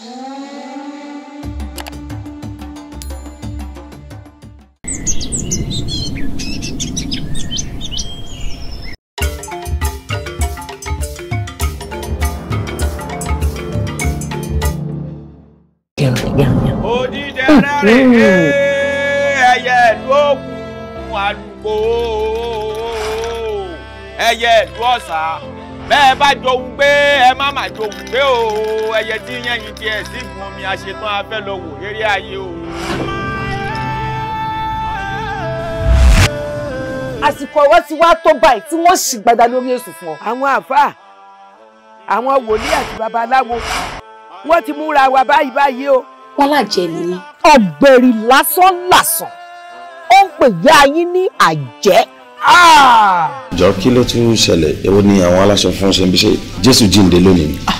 Odídẹrẹ́ mm-hmm. ẹyẹ ìlú òkun àlùkò ẹyẹ ìlú ọ̀sà bẹ́ẹ̀ bá jọ wù pé ẹ má má jọ wù pé o ẹyẹ tí yẹnyin tiẹ̀ sí gun omi àṣetán afẹ́ lọ wò eré ayé o. àsìkò ọ̀rọ̀ ti wá tó báyìí tí wọ́n sì gbàdá lórí èṣù fún ọ. àwọn àáfàá àwọn wòlíì àti babaláwo wọ́n ti múra wa báyìí báyìí o. wọ́n lájẹ nìyí. ọ̀gbẹ̀rì lásán làsàn ó ń pè yá yín ní àjẹ́. Ah! jọ kí ló tún ṣẹlẹ̀ èwo ni àwọn aláṣọ fún ṣe ń bí ṣe jésù jíǹde lónìí. Ah,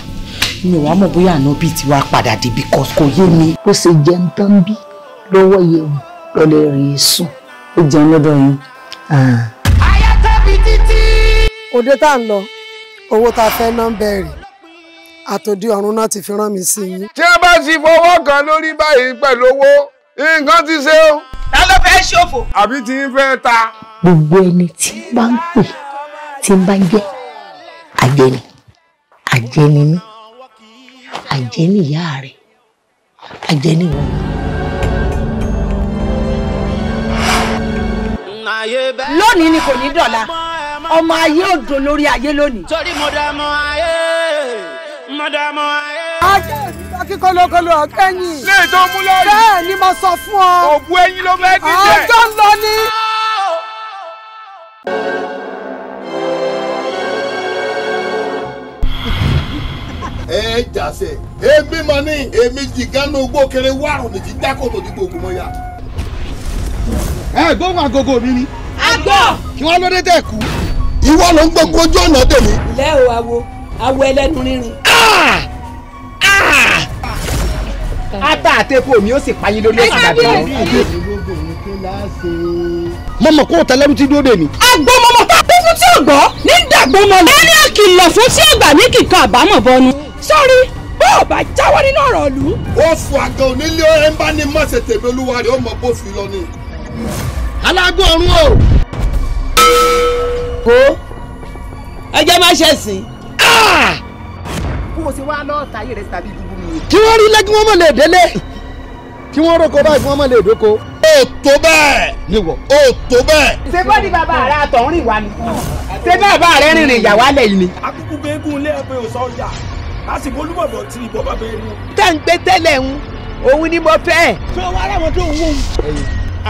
mi ò wá mọ̀ bóyá àná bíi tiwa padà dé because kò yé mi. bó ṣe jẹun tán bí lọ́wọ́ yẹ̀wò lọ́lẹ̀ rí i sùn ó jẹun lọ́dọ̀ yín. àyà ah. tẹ́bi títí. òde tá à ń lọ owó tá a fẹ́ ná ń bẹ̀rẹ̀ àtòdí ọ̀run náà ti fi rán mi sí yín. tí a bá ti fọwọ́ kan lórí báyìí pẹ̀lú owó nǹkan ti ṣe o. ta ló fẹ́ ṣòfò. àbí ti ń fẹ́ ta gbogbo ẹni tí n bá ń pè tí n bá ń jẹ́ àjẹni àjẹni mi àjẹni ìyá rẹ àjẹni ìwọ. lónìí ni kò ní dọ̀la ọmọ ayé ò dùn lórí ayé lónìí. torí mo dá mọ ayé mo dá mọ ayé. ajé mi lọ kí kọlọkọlọ ọkẹyìn. lè tó mú lọ rí. bẹ́ẹ̀ ni mo sọ fún ọ. òbu ẹyin ló fẹ́ dídẹ. ọjọ́ ń lọ ní. ẹ jàsẹ ebi ma ní èmi jìgá ní ogbó kéré wàrò ní ti tó ẹ gbóhùn agogo mi ni. agbọ́. kí wọ́n lóde tẹ̀ kú. ìwọ ló ń gbogbo ojú ọ̀nà tèmi. ilé o awo awo ẹlẹ́nu rírin. Ah! Ah! ata àtẹ̀kọ́ mi ó sì payín lórí ọ̀sán ẹ mọ̀mọ́ kó o tẹ lẹ́rú tí dúró dè mí. agbọmọmọ tá a kú fún tí ò gbọ́ ní dàgbọmọ lọ. ẹni àkìlọ̀ fún tí ò ní kíkan àbámọ̀ bọnu. sọ́rí bó o bá jáwọ́ nínú ọ̀rọ̀ ìlú. ó fọ àgàn onílé ẹ̀ ń bá tèmi olúwa ó mọ bófin lọ ni. alágún ọ̀run o. kó ẹjẹ má ṣe sìn. kó ah! o ṣe wá lọ́ọ̀ tayé rẹ̀ tàbí gbogbo mi. kí wọ́n rí lẹ́kí wọ́n mọ̀ lè délé kí wọ́n roko báyìí kí wọ́n mọ̀ lè dóko ó tó bẹ́ẹ̀. níwọ̀. ó tó bẹ́ẹ̀. ṣé bọ́dí bàbá rẹ àtọ̀húnrìn wá ni ṣé bàbá rẹ rìnrìn ìyàwó alẹ́ yìí ni. akúkú gbẹ́gùn lé ẹgbẹ́ òsán yà lásìkò olúmọ̀dọ̀ tí ìbọn bá bẹ́ẹ̀ mú. tẹ́ ń gbé tẹ́lẹ̀ ń òun ni mo fẹ́. tó wá láwọn tó ń wò ó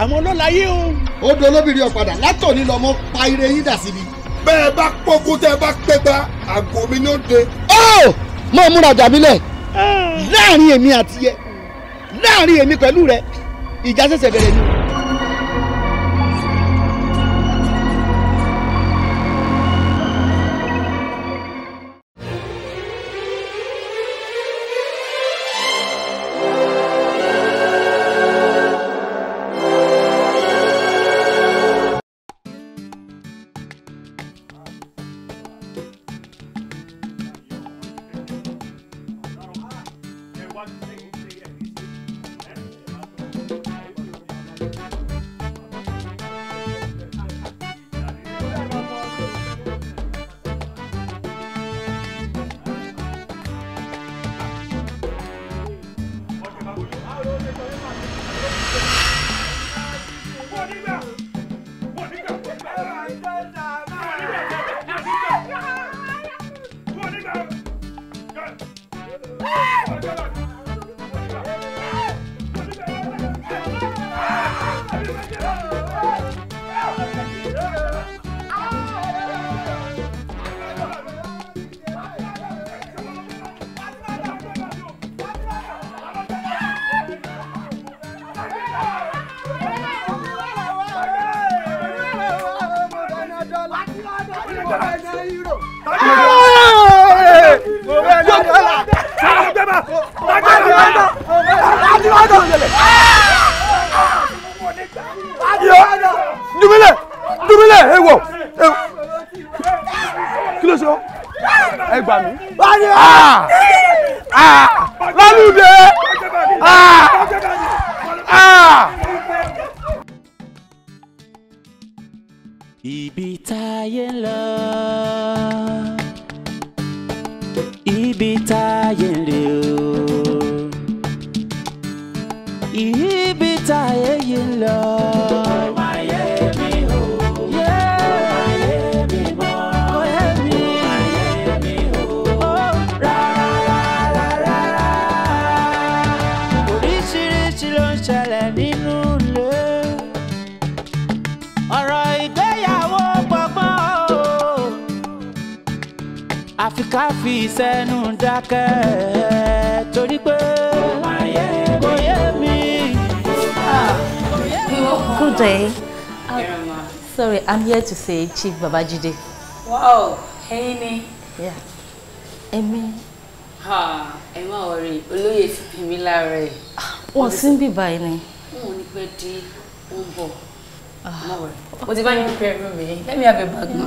àwọn ọlọ́láyé o. ó di olóbìnrin ọ̀padà látọ̀ni lọ́mọ pa ire yín dà síbi. bẹ́ẹ̀ bá pọ́kú tẹ́ bá pẹ́gbá àgọ́ mi ló dé. ó mọ̀ múra dàbí lẹ̀ ah. láàrin èmi àti ẹ láàrin èmi pẹ̀lú rẹ y ya se se here to say Chief Babajide. Wow, ẹ̀yin ni. Yeah. Èmi. Ha, Emma má worry, olóyè ti bí mi láàárọ̀ yìí. Ah, wọ́n sì ń bì báyìí ni. Wọ́n ní pẹ́ dé, wọ́n ah. Mo ti bá yín pẹ́ rú mi, let me have a bag ma.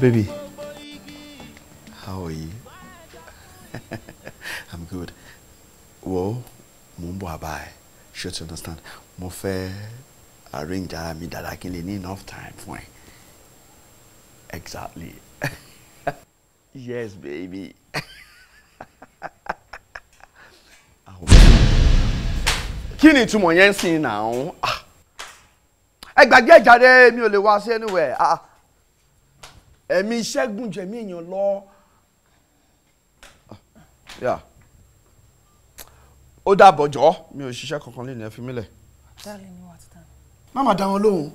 baby. How are you? I'm good. Whoa, Mumbo Abai. Sure to understand. Mo fẹ́ arrange ara mi dáadáa kí n lè ní enough time for it. Exactly. yes, baby. kí ni ìtumọ̀ yẹn ń sìn náà? Ah. ẹ gbàgbé ìjà rẹ mi ò lè wá sí anywhere. Ah, ah ẹ̀mí iṣẹ́ gùn jẹ̀mí èèyàn lọ. ó dàbọ̀ jọ́ mi ò ṣiṣẹ́ kankan lé ní ẹ fi mí lẹ̀. má má dá wọn lóhùn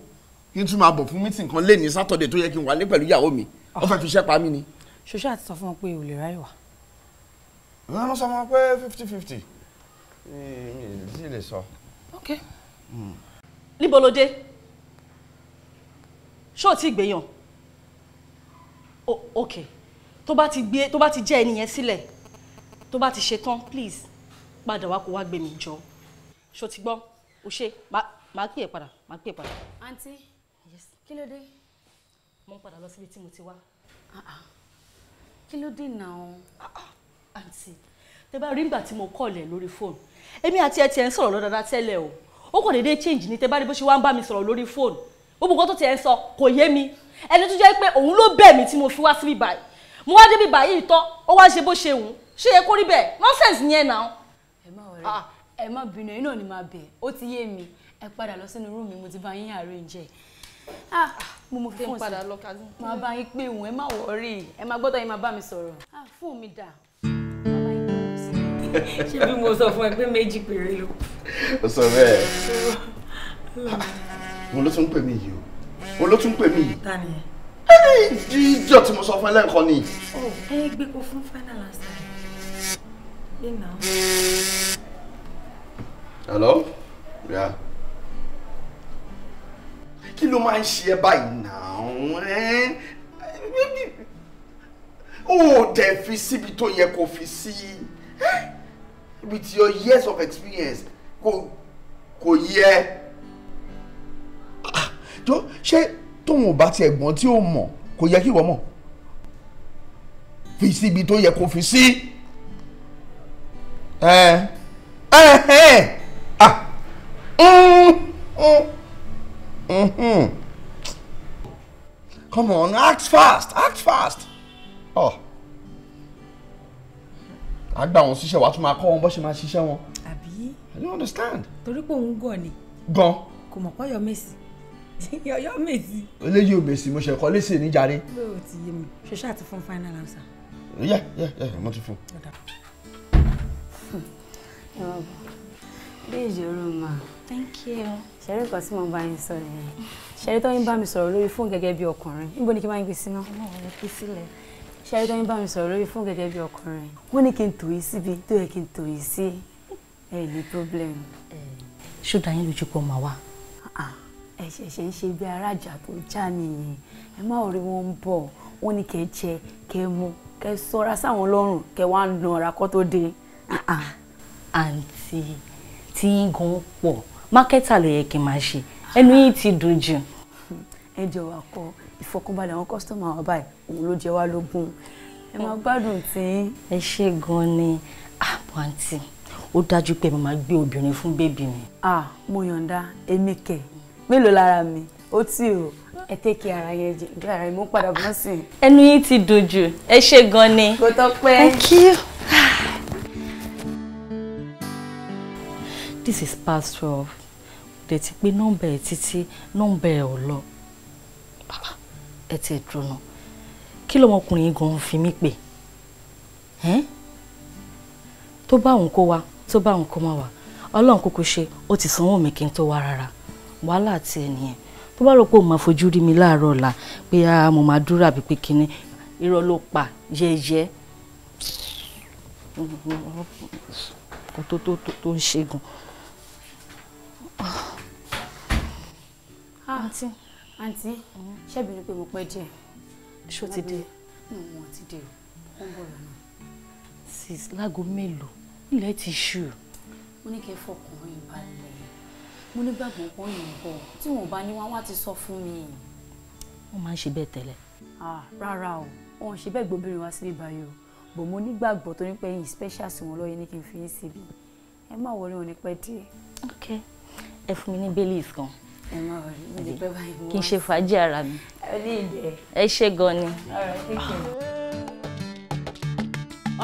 kí n tún máa bọ̀ fún mítìn kan lé ní sátọ̀dẹ̀ tó yẹ kí n wálé pẹ̀lú ìyàwó mi ó fẹ́ fi iṣẹ́ pa mí ni. ṣoṣo àti sọ fún wọn pé o lè ráyè wá. wọ́n lọ sọ wọn pé fifty fifty mi ò tí ì lè sọ. ok níbo ló dé ṣó o ti gbèyàn ok tó bá ti gbé tó bá ti jẹ́ ẹnìyẹn sílẹ̀ tó bá ti ṣe please padà wá kó wá gbé mi jọ ṣó ti gbọ́ o ṣe máa pè é padà máa pè é padà. àǹtí kí ló dé. mo ń padà lọ síbi tí mo ti wá. Ah, ah. kí ló dé náà. Ah, àǹtí tẹ bá rí ìgbà tí mo kọ̀lẹ̀ lórí fóònù èmi àti ẹ tiẹ̀ ń sọ̀rọ̀ lọ́dọọdá tẹ́lẹ̀ o ó kò déédéé change ni tẹ bá rí bó ṣe wá ń bá mi sọ̀rọ̀ lórí fóònù gbogbo nǹkan tó tiẹ̀ ń sọ kò yé mi ẹni tó jẹ́ pé òun ló bẹ̀ mí tí mo fi wá síbí báyìí mo wá débi báyìí tọ́ ó wá ṣe bó ṣe wù ú ṣé yẹ kó rí bẹ́ẹ̀ nonsense yẹn náà. ẹ má ọ̀rẹ́ ah, ah, ẹ má bínú ẹ̀yin náà ni máa bẹ̀ ó ti yé mi ẹ padà lọ sínú rúùmù mi mo ti bá yín arrange ah mo mo fún ọsẹ máa bá yín pé òun ẹ má wọrí ẹ má gbọ́dọ̀ yín máa bá mi sọ̀rọ̀ ah fún mi dà ṣé bí mo sọ fún ẹ pé méjì péré ló. ó sọ bẹ́ẹ̀ òun ló tún pè mí yìí o òun ló tún pè mí yìí. ta ni ẹ. jíjọ tí mo sọ fún ẹ lẹ́ẹ̀kan ni. ọ ẹ gbé ko fún final answer yìí náà. hello yeah. kí ló máa ń ṣe ẹ báyìí náà ó dẹ̀ fi síbi tó yẹ kó fi sí with your years of experience kò kò yẹ tó ṣé tóun ò bá tiẹ̀ gbọ́n tí ó mọ̀ kò yẹ kí ìwọ mọ̀ fi síbi tó yẹ kó fi sí ah. mm-hmm. Mm-hmm. come on act fast act fast ọ oh. àgbà wọn ṣiṣẹ́ wàá tún máa kọ́ wọn bó ṣe máa ṣiṣẹ́ wọn. àbí. I don't understand. torí pé òun gọ̀ ni. gan. kò mọ̀ pọ́yọ̀ mèsì yọyọ mèsì. eléyìí ò mèsì mo ṣe kọ́ lẹ́sẹ̀ níjàre. lóò ti yé mi ṣe ṣáà ti fún final answer. yẹ yẹ yẹ mo ti fún. Hmm. bí ìjòrò mà. thank you. ṣẹ́rí nǹkan tí mo bá yín sọ nìyẹn ṣẹ́rí tó ń bá mi sọ̀rọ̀ lórí fóònù gẹ́gẹ́ bí ọkùnrin níbo ni kí n bá yín gbé síná. ọlọ́run ló fi sílẹ̀ ṣẹ́rí tó ń bá mi sọ̀rọ̀ lórí fóònù gẹ́gẹ́ bí ọkùnrin wọ́n ní kí n tò yí síbi tó yẹ kí n tò yí sí ẹ̀ ní problem. ṣùgbọ́n àyìn lójú pọ̀ wá ẹ ṣẹ̀ṣẹ̀ ń ṣe bí aráàjà tó já nìyẹn ẹ má rí wọn ń bọ̀ wọn ní kẹ́ jẹ kẹ́ mu kẹ́ sọ́ra sáwọn lọ́rùn kẹ́ wá ń nọra kó tó dé. Ah, ah. àǹtí tí yín gan pọ̀ mákẹ́tà ló yẹ kí n máa ṣe ẹnu yín ti dùn jù. ẹ jẹ́ wàá kọ ìfọkànbalẹ̀ àwọn kọ́sítọ́mù àwọn báyìí òun ló jẹ wá lógún ẹ máa gbádùn tí. ẹ ṣe gan ni àpò ah, àǹtí ó dájú pé mo máa gbé obìnrin fún bébì mi. ah mo yọ̀ǹda èmi kẹ̀ mélòó lára mi ó tì o ẹ tẹ́kì ara yẹn jẹ ìdí ara yẹn mú padà bọ́ sí i. ẹnu yín ti dùn jù ẹ ṣe gan ni. kò tọpẹ́. thank you. this is past twelve dẹ̀ ti pé nọ́mbà ẹ̀ títí nọ́mbà ẹ̀ ò lọ ẹ ti dùnà kí lọmọkùnrin gan fi mí pè tó bá òun kó wa tó bá òun kó má wa ọlọ́run kúkú ṣe ó ti sanwó mi kí n tó wá rárá wàhálà ti ẹ̀ nìyẹn tó bá rò pé òun máa fojú rí mi láàárọ̀ ọ̀la pé a mo máa dúró àbí pé kinní irọ́ ló pa yẹ́yẹ́ kò tó tó tó ń ṣẹ́gun. àǹtí àǹtí ṣẹ́bi ni pé mo pẹ́ díẹ̀. ṣó ti dé. wọ́n ti dé o wọ́n bọ̀ lọ́nà. sis láago mélòó ilẹ̀ ti ṣú. mo ní kẹ́ fọkàn balẹ̀ mo nígbàgbọ́ pọ́n yìnbọn tí wọn bá ní wọn wá ti sọ fún mi. wọ́n máa ń ṣe bẹ́ẹ̀ tẹ́lẹ̀. rárá o wọn ò ṣe bẹ́ẹ̀ gbóbìnrin wá sílé báyìí o bò mo nígbàgbọ́ tó ní pẹ́ yìí special sí wọn lọ́yẹ́ ní kí n fi yín síbi ẹ má wọlé wọn ní pẹ́ díẹ̀. ok ẹ fún mi ní belief gan. ẹ má wọlé mi ní pẹ́ báyìí mọ́. kì í ṣe fàájì ara mi. ẹ ní ìdẹ. ẹ ṣe gan ni.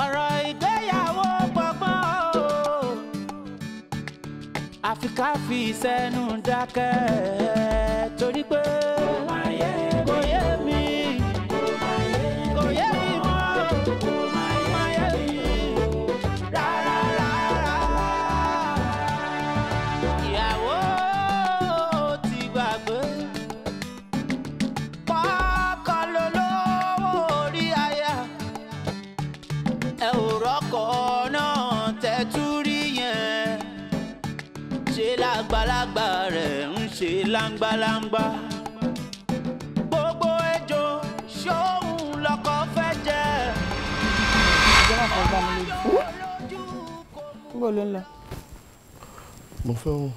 ọ̀rọ̀ ẹ̀ àfi ká fi sẹ́nu dákẹ́ torí pé. langbalangba. gbogbo ejò ṣóhun lọkọ fẹ́ jẹ. ìjọba kan gbà mí lójú. níbo ló ń lọ. mo fẹ́ mo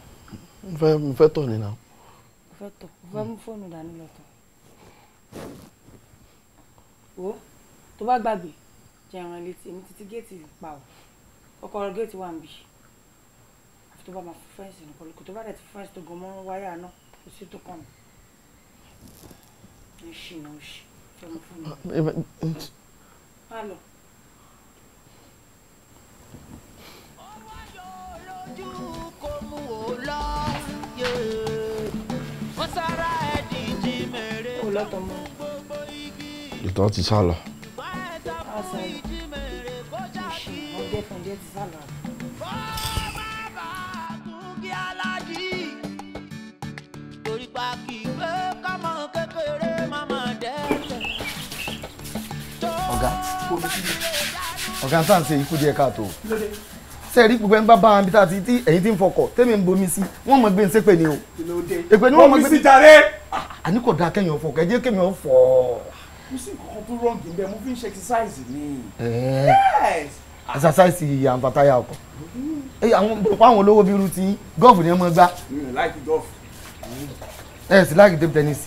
fẹ́ mo fẹ́ tọ̀ nínú. mo fẹ́ tọ̀ mo fẹ́ mú fóònù dání lọ tọ̀. wo tó bá gbàgbé jẹ́ ẹran létí èmi títí géètì pa ọ́ kọ́kọ́rọ́ géètì wà ń bì àfi tó bá máa fún fẹ́ǹsì nìkan lóko tó bá dẹ̀ ti fẹ́ǹsì tó gan mọ́ wáyà náà kò sí tó kàn mí ń ṣìnà ń ṣì fẹ́ mu fún mi. má lọ. ojú kò ọ̀gá tá à ń ṣe ikú díẹ̀ káàtó ṣe rí gbogbo ẹni bá bá wọn bí tá a ti tí ẹ̀yin ti ń fọkọ̀ tẹ́mi ń bomi sí wọ́n mọ̀ gbé ń sépè ni o èpè ni wọ́n mọ̀ gbé mi sí jàre. àní kò dáa kẹ́yìn ọ̀fọ̀ kẹ́jẹ́ kẹ́mi ọ̀fọ̀. mo sì kọ́kọ́ tó rọ̀ǹgì bẹ́ẹ̀ mo fi ń ṣe exercise mi. exercise yìí à ń fataya ọkọ̀ àwọn olówó bíi irú ti gọ́ọ̀fù ni ẹ mọ gbá. tennis.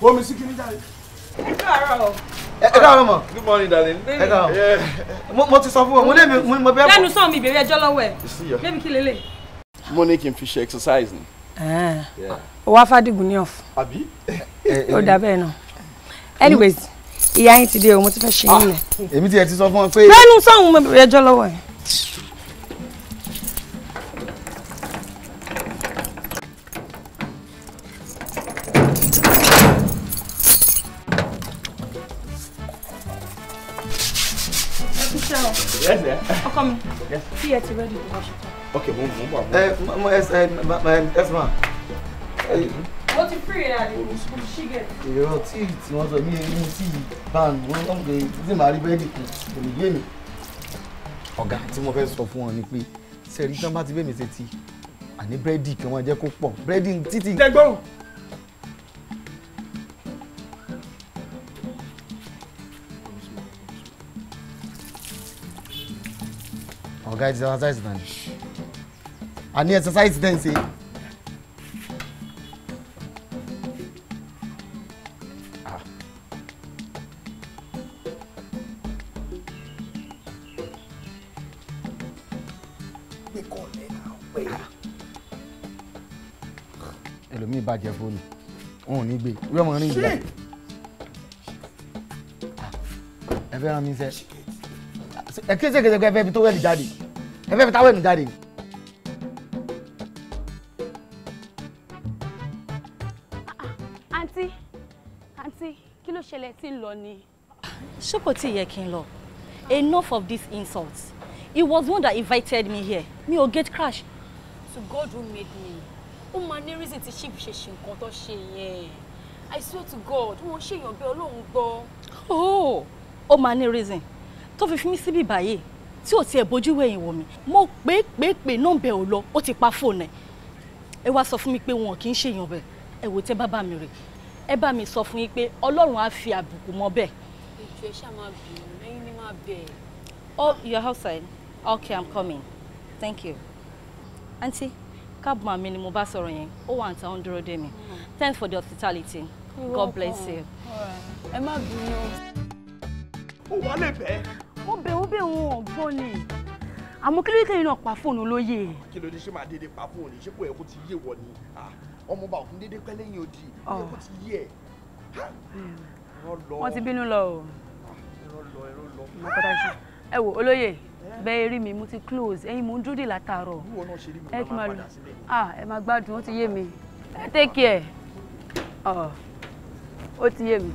bomi sí kí ní jàre ẹ káàárọ̀ mọ. good morning darling. ẹ káàárọ̀ mo mo ti sọ fún ọ mo lè mi mo bẹ́ẹ̀ bọ̀. lẹ́nu sàn mi ìbéèrè ẹjọ́ lọ́wọ́ ẹ̀ bébí kí lélẹ̀. mo ní kí n fi ṣe exercise ni. o wá fàdìgún ní ọ̀f. àbí. ó dà bẹ́ẹ̀ náà anyways ìyá yín ti dé o mo ti fẹ́ ṣe yín lẹ̀. Ah, èmi ti ẹ ti sọ fún ọ pé. lẹ́nu sàn mo ìbéèrè ẹjọ́ lọ́wọ́ ẹ̀. Come mi tí ẹ ti rẹ́dí bó bá ṣe tán. ok mo mú bọ̀ my ẹ ẹ ẹ ẹ fún wa. mo ti fírí ẹ̀ àdìgbò ṣígẹ̀. èrò tí tí wọ́n sọ mí mú tí ban wọ́n ń gbé tí màá rí bẹ́ẹ̀dì kù kò ní yé mi. ọ̀gá tí mo fẹ́ sọ fún wọn ni pé sẹ́ẹ̀rí tán bá ti bẹ́ẹ̀ mi ṣe ti àní búrẹ́dì kí wọ́n jẹ́ kó pọ̀ búrẹ́dì títí. dẹgbọ́n ọ̀gá ti exercise náà ni a ní exercise dẹ́ ń ṣe. ẹlòmíì bàjẹ́ fóònù wọn ò ní gbé wíwọ́n mọ̀ ní ìgbà ẹ fẹ́ràn mi sẹ́ ẹ kí ṣe kẹsẹkẹ fẹ́ fi tó wẹ̀lì jáde ẹ fẹ́ fi táwẹ̀ mi jáde. àǹtí àǹtí kí ló ṣẹlẹ̀ tí ń lọ ni. ṣé tí yẹ kí n lọ enough of this insults it was one that invited me here mi ò gate crash. to God who made me ó máa ní reason tí ṣíìpù ṣe ṣe nǹkan tó ṣe yẹn I swear to God wọn ṣèyàn bí Ọlọ́run gbọ́. oh ó máa ní reason tó fi fi mí síbí báyìí tí ò tiẹ̀ bójú wẹ̀yìn wò mí mo pé pé pé nọ́ọ̀bẹ̀ ò lọ ó ti pa fóònù ẹ̀ ẹ wá sọ fún mi pé wọn kì í ṣèyàn bẹ́ẹ̀ ẹ wò tẹ́ bàbá mi rè ẹ bá mi sọ fún yín pé ọlọ́run á fi àbùkù mọ́ bẹ́ẹ̀. ìjọ ẹ ṣáà máa bì í lẹ́yìn ní máa bẹ̀ ẹ́. oh you are outside okay i'm coming thank you aunty káàbùmọ̀ mi ni mo bá sọ̀rọ̀ yẹn ó wà níta ó ń dúró dé mi hmm. thanks for the hospitality god bless you. ẹ má bínú. ó wà lè bẹ́ẹ̀ ó bẹ̀rù bẹ̀rù ọ̀gbọ́n ni àmọ́ kí ló yẹ kẹ́yìn náà pa fóònù olóyè. kí ló dé ṣé máa dédé pa fóònù ṣé kò yẹ kó ti yé wọ ni ọmọọba òkun dédé pẹ́ lẹ́yìn odi yẹ kó ti yé ẹ̀. wọ́n ti bínú lọ o. ẹ̀rọ lọ ẹ̀rọ lọ. ẹ wo olóyè bẹ́ẹ̀ rí mi mo ti close ẹ̀yin mo ń dúró dè látàárọ̀ ẹ kí n máa lọ ẹ máa gbádùn ó ti yé mi ẹ take care ó ti yé mi.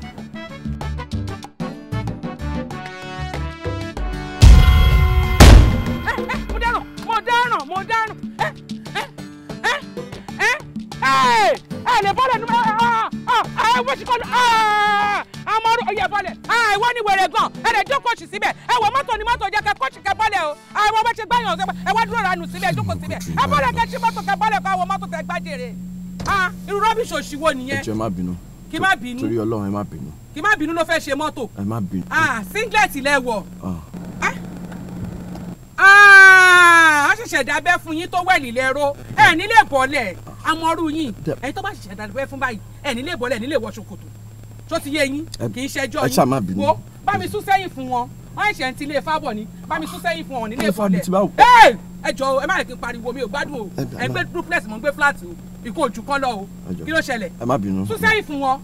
mo dáràn mo dáràn ẹ ẹ ẹ ẹ ẹ ẹ ẹ wọ́n ti kọ́ amọ́rú ọ̀yẹ̀ bọ́lẹ̀ gan ẹ lè jókòó sí síbẹ̀ ẹ wọ mọ́tò kẹ kọ́ọ̀ṣì kẹ bọ́lẹ̀ o ẹ wọ́n ti gbá yàn ọ̀sẹ̀ ẹ dúró ranù síbẹ̀ jókòó síbẹ̀ ẹ kẹ ṣí mọ́tò kẹ bọ́lẹ̀ kọ́ àwọn mọ́tò tẹ gbájèrè irú rọ́bìṣì òṣìwò nìyẹn. ẹ jẹ́ má bínú kí má bínú torí Ọlọ́run ẹ má bínú kí má bínú ló fẹ́ ṣe mọ́tò. ẹ má bínú. singlet ilẹ̀ wọ̀. ṣẹ̀dá abẹ́ fún yín tó wẹ̀lì lẹ́rọ ẹ̀ nílé bọ́lẹ̀ amọ́rú yín ẹ̀yin tó bá ṣẹ̀dá abẹ́ fún báyìí ẹ̀ nílé bọ́lẹ̀ nílé wọ ṣòkòtò tó ti yé yín kì í ṣẹjọ́ yín wo bá mi sún sẹ́yìn fún wọn wọ́n ẹ̀ṣẹ̀ ń tilé fábọ̀ ni bá mi sún sẹ́yìn fún wọn nílé bọ́lẹ̀ ẹ jọ ẹ má lè kí n pariwo mi ò gbádùn o ẹ gbé duplex mo ń gbé flat o ìkó ojú kan lọ o kí ló ṣẹlẹ̀ sún sẹ́yìn fún wọn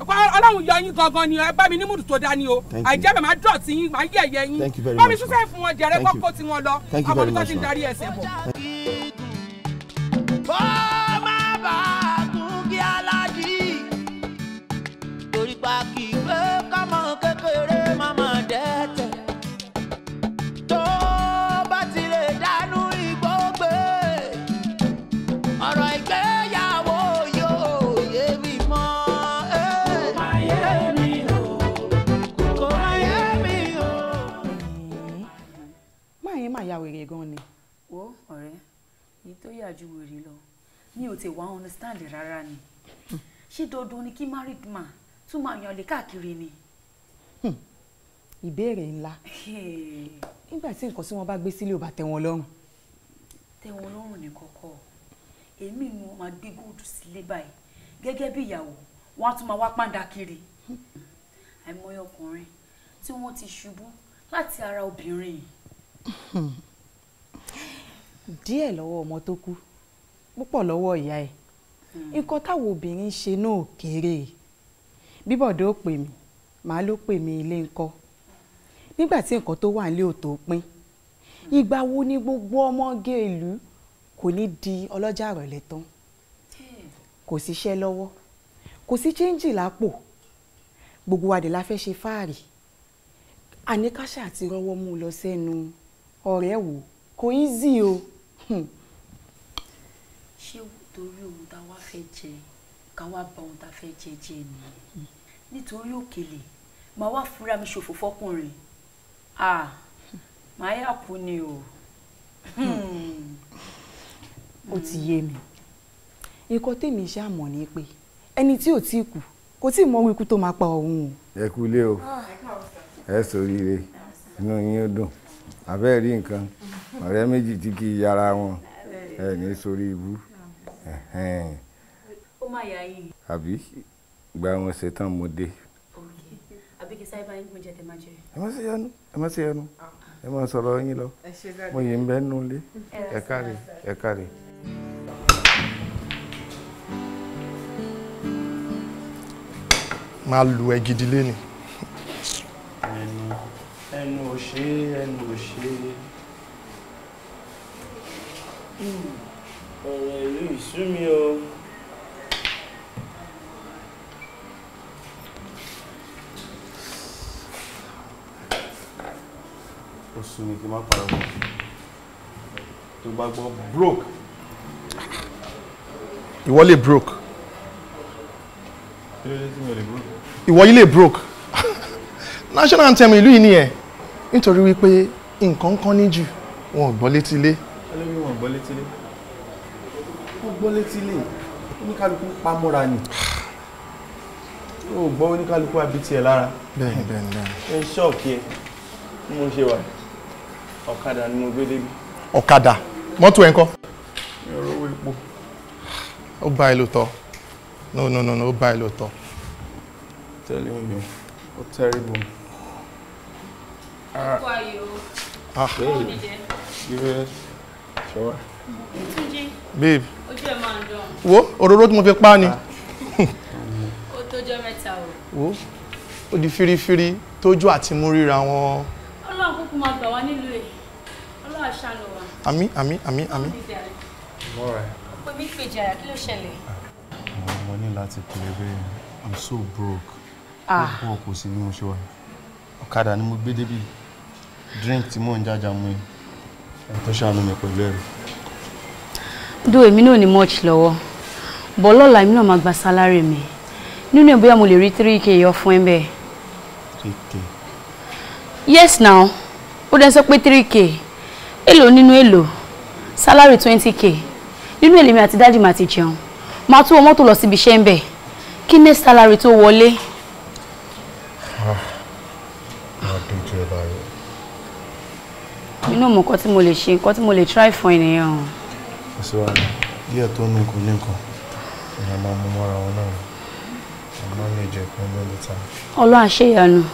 ọlọ́run yọ yín gangan ni ẹ bá mi ní múdù dání o àìjẹ́ bẹ̀ máa dọ̀ sí yín máa yẹ̀yẹ́ yín bá mi ṣúṣẹ́ fún wọn jẹ̀rẹ̀ kọ́kọ́ tí wọ́n lọ ọmọdé tó ti ń darí ẹsẹ̀ bọ̀. ya wèrè gan ni. wo ọ̀rẹ́ Ni tó yà ju wèrè lọ mi ò tè wá understand rárá ni hmm. ṣé dandan ni kí married man tún máa yan lè káàkiri ni. Hmm. ìbéèrè ńlá nígbà tí nǹkan tí wọ́n bá gbé sílé ò bá tẹ́ wọn lọ́rùn. tẹ́ wọn lọ́rùn ní kọ́kọ́ èmi ni wọ́n máa gbé góòdù sílé báyìí gẹ́gẹ́ bí ìyàwó wọ́n á tún máa wá pàǹdà kiri hmm. àìmọye ọkùnrin tí wọ́n ti ṣubú láti ara obìnrin díẹ̀ lọ́wọ́ ọmọ tó kú púpọ̀ lọ́wọ́ ìyá ẹ̀ hmm. nǹkan táwọn obìnrin ṣe náà kéré bíbọ̀dọ̀ ó pè mí màá ló pè mí ilé ńkọ́ nígbà tí nǹkan tó wà nílé ò tó pín ìgbà wo ni gbogbo ọmọge ìlú kò ní di ọlọ́jà ìrọ̀lẹ́ tán kò síṣẹ́ lọ́wọ́ kò sí chẹ́ńjì lápò gbogbo wa dé la fẹ́ ṣe fáàrí àníkáṣà àti rọwọ́ mú lọ sẹ́nu ọ̀rẹ́ wò ó kò easy o. Hmm. ṣé torí ohun tá a wá fẹ́ jẹ ká wá bà ohun tá a fẹ́ jẹ jẹ́ ni hmm. nítorí òkèlè màá wá fúra mi ṣòfò fọkùnrin ah màá yà kú ni o. Hmm. ó ti yé mi nǹkan tèmi ṣàmọ̀ ni pé ẹni tí ò tí kú kò tí ì mọ ikú tó máa pa òun o. ẹ kú ilé o ẹ sọ oríire inú yín ó dùn àbẹ́ẹ̀ nǹkan ọ̀rẹ́ méjì tí kì í yára wọn ẹ ní sórí ibú. ó má yà yín. àbí gba wọn ṣetán mo dé. àbí kì í sáyé báyìí mo jẹ tẹ máa jẹ. ẹ má ṣe yanu ẹ má ah. sọ̀rọ̀ yín lọ mo yìí ń bẹ́ nulẹ̀ ẹ káre ẹ káre. máa lu ẹ gidi lé ni. ẹnu ẹnu ò ṣe é ẹnu ò ṣe é ọ̀rọ̀ ìlú ìsú o. ó sún mi kí n má parọ́ mọ́ tó bá gbọ́ broke. ìwọ lè broke. kí ló lè broke. ìwọ yìí lè broke national anthem ìlú yìí nìyẹn nítorí wípé nǹkan kan ní jù wọn ò gbọ́ létí ilé olórí wọn gbọ́ létílé wọ́n gbọ́ létílé oníkálukú pamọ́ra ni o gbọ́ oníkálukú abití ẹ lára bẹ́ẹ̀ bẹ́ẹ̀ bẹ́ẹ̀ ẹ ṣọ́ọ̀kì ẹ bí mo ṣe wà ọ̀kadà ni mo gbé débi. ọ̀kadà mọ́tò ẹ̀ ń kọ́. mi ò rówó epo. ó bá ẹ lóòótọ́ no no no ó bá ẹ lóòótọ́. tẹ́lẹ̀ oyún ó tẹ́rí bò. Ah. Who are you? Ah. Hey. Give babe wo òróró tí mo fi pa ni ó tójọ́ mẹ́ta o wo ó di firifiri tójú àti mú ríra wọn. ọlọ́run kúkú máa gbà wá nílùú ẹ̀ ọlọ́run àṣàlò wa. àmín àmín àmín àmín. pé mi pèjì àyà kí ló ṣẹlẹ̀. mo ní láti pèrè bẹ́ẹ̀ i'm so broke. Ah. ó kò sí ní mo ṣe wà ọ̀kadà ni mo gbé débi drink tí mò ń jájà mu yìí ẹ̀ tó ṣàánú mi pẹ̀lú ẹ̀rù. do èmi náà ní much lọ́wọ́ bọ́ lọ́la èmi náà máa gba sálárì mi nínú ẹ̀ bóyá mo lè rí three k yọ fún ẹ bẹ́ẹ̀. three k. yes now ó dẹ́ sọ pé three k èlò nínú èlò sálárì twenty k nínú èlèmi àti dáàdì màá ti jẹun màá tún wọ mọ́tò lọ síbi iṣẹ́ ń bẹ̀ kí next salary tó wọlé inú mọ̀ nǹkan tí mo lè ṣe nǹkan tí mo lè try fún ènìyàn kò sí wàhálà díẹ̀ tó nù kò ní nǹkan èèyàn máa mú mọ́ra wọn náà àmọ́ ní ìjẹ́ ìpín ní ìlú ta. ọlọ́run àṣeyànú. Ah.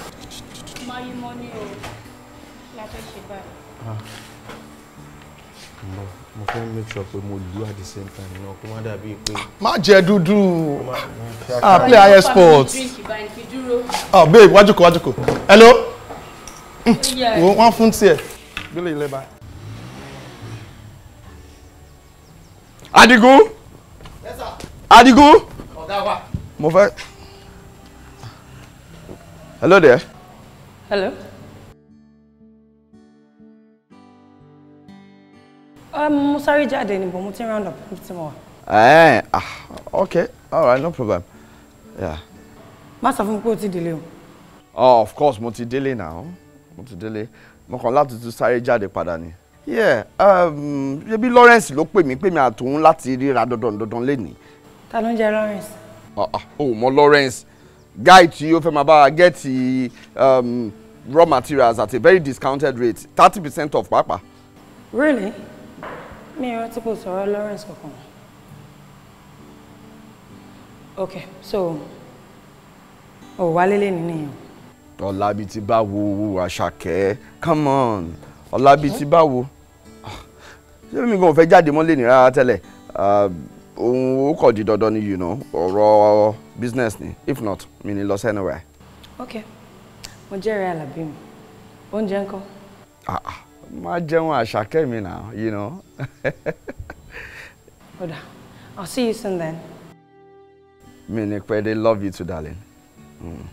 mo fẹ́ make sure pé mo lù ú at the same time náà kó má dàbí pé. má jẹ dúdú ah play higher sports. ah babe wájú kò wájú kò hello mm. oh, wọ́n fún tiẹ̀. Billy Leba. Adigun. Yes, sir. Adigun. Ọ̀gá wa. Mo fẹ́. Hello there. Hello. Um, mo sáré jáde ni, but mo ti round up níbi tí mo wà. Eh, ah, okay, all right, no problem. Yeah. Má sọ fún mi pé o ti délé o. Oh, of course, mo ti délé now. Mo ti délé mo kàn láti tún sáré jáde padà ni. yeah um, ṣebí Lawrence ló pè mí pè mí àtòun láti ríra dandan dandan lénìí. ta ló ń jẹ Lawrence. ọ̀ ah, ọ̀ ah, mọ Lawrence guy tí ó fẹ́ máa bá a gẹ́ẹ̀tì um, raw materials at a very discounted rate thirty percent off pàápàá. really mi ò rántí kò sọ̀rọ̀ Lawrence kankan. okay so ò wálé lé nìyẹn ọ̀làbí ti bá wo àṣàkẹ́ come on ọ̀làbí ti bá wo ah, ṣé mi kò fẹ́ jáde mọ́lẹ̀ ní rárá tẹ́lẹ̀ ah, ohun ó kọ̀ di dandan ni you know ọ̀rọ̀ business ni if not mi ni lọ sí anywhere. ok mo jẹ́rìí alábí mi oúnjẹ ńkọ́. Ah, má jẹun àṣàkẹ́ mi náà you know. ọ̀dà I'll see you soon then. mi ni pẹ́ de love you too darling. Mm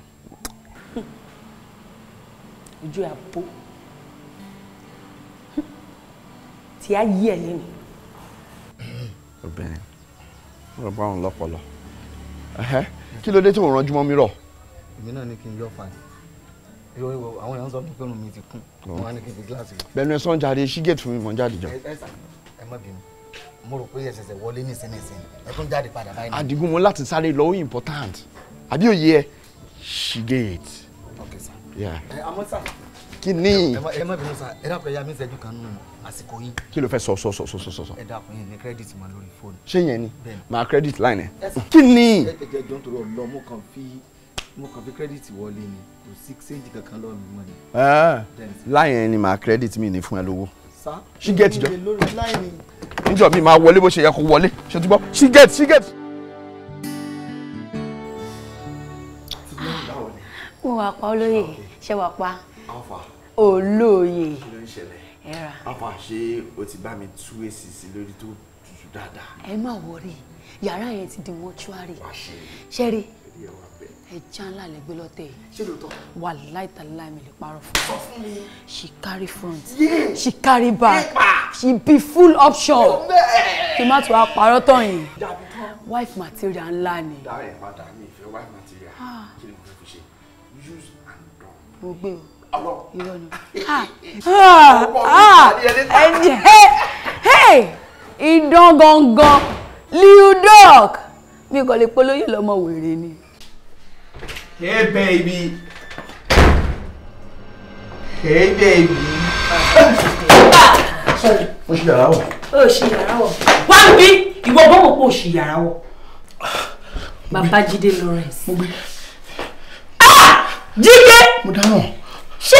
ojú ẹ̀ àbó tí a yí ẹ̀ lẹ́nu. obìnrin mo rọ báwọn lọpọlọ kí ló dé tí mo rànjú mọ́ mi rọ. èmi náà ní kí n yọ fàánì àwọn èèyàn sọ pé mi ti kún wọn á ní kí n fi gíláàsì. bẹ́ẹ̀ni ẹ sọ ń jáde ṣí gẹẹti fún mi mọ jáde jọ. ẹ má bínú mo rò pé ẹsẹsẹ wọlé ní ìsinyìísìn ẹ tún jáde padà báyìí. Adigun mo láti sáré lọ ó important àbí òye ẹ ṣí gẹẹti àmọ́ sà kí ni. ẹ má bínú sà ẹ dàpọ̀ ya mi ṣẹ́jú kan nù àsìkò yín. kí ló fẹ́ sọ sọ sọ sọ sọ. ẹ dàpọ̀ yẹn ní credit mà lórí fóònù. ṣé yẹn ni màá credit line ẹ. kí ni. ẹ jẹ́ jọ́ nítorí ọ̀lọ́ mo kàn fi mo kàn fi credit wọlé ni kò sí change kankan lọ́ọ̀ mi mọ́ ni. láyẹn ni màá credit mi ní fún ẹ lówó. sá ṣí gẹ̀ẹ́tì jọ níjọ́ mi máa wọlé bó ṣe yẹ kó wọlé ṣe ti gbọ́ ṣí gẹ̀ẹ́tì ṣí gẹ̀ẹ́tì. mo wà pa olóyè ah, ṣe wà pa olóyè ẹ̀rà. afa ṣé o ti bá mi tú èsì sí lórí tó tutù dáadáa. ẹ má wọrí yàrá yẹn ti di mọ́ṣúárì ṣẹ́rí ẹja ńlá lè gbé lọ́tẹ̀ yìí wà láìtàlá mi lè parọ́ fún mi she carry front she carry back she be full option kí má tún wá parọ́ tán yìí wife material ńlá ni. dáre padà mi ìfẹ́ wife material ah. kí ni mo gbé o irọ́ ni ah, ah, ẹ̀jẹ̀ ìdán gangan liudok mi kò lè polóyè lọ́mọ wèrè ni. hey baby hey baby. sorry mo ṣì yàrá wọ̀. o ṣì yàrá wọ̀ wá bí ìwọ bọ́wọ̀ pé o ṣì yàrá wọ̀. Babájídé Lawrence jíde. mo dáhùn. ṣé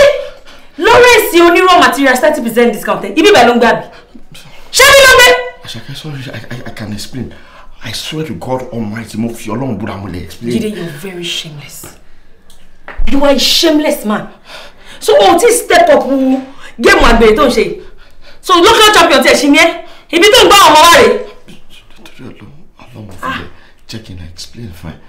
lawrence onírọ̀ materials thirty percent discount ibi ìbẹ̀ ló ń gbà bí. ṣé bí ló gbé. àṣàkẹ́ sorry I, I I can explain I swear to God Almighty mo fi ọlọ́run búra mo lè explain. jíde you are very shameless you are a shameless man so o ti step up géèmù àgbèrè tó ń ṣe so local champion tiẹ̀ ṣì ní ẹ́ ibi tó ń gbọ́ ọmọ wa rèé. Ah. jẹ́ kí n explain fine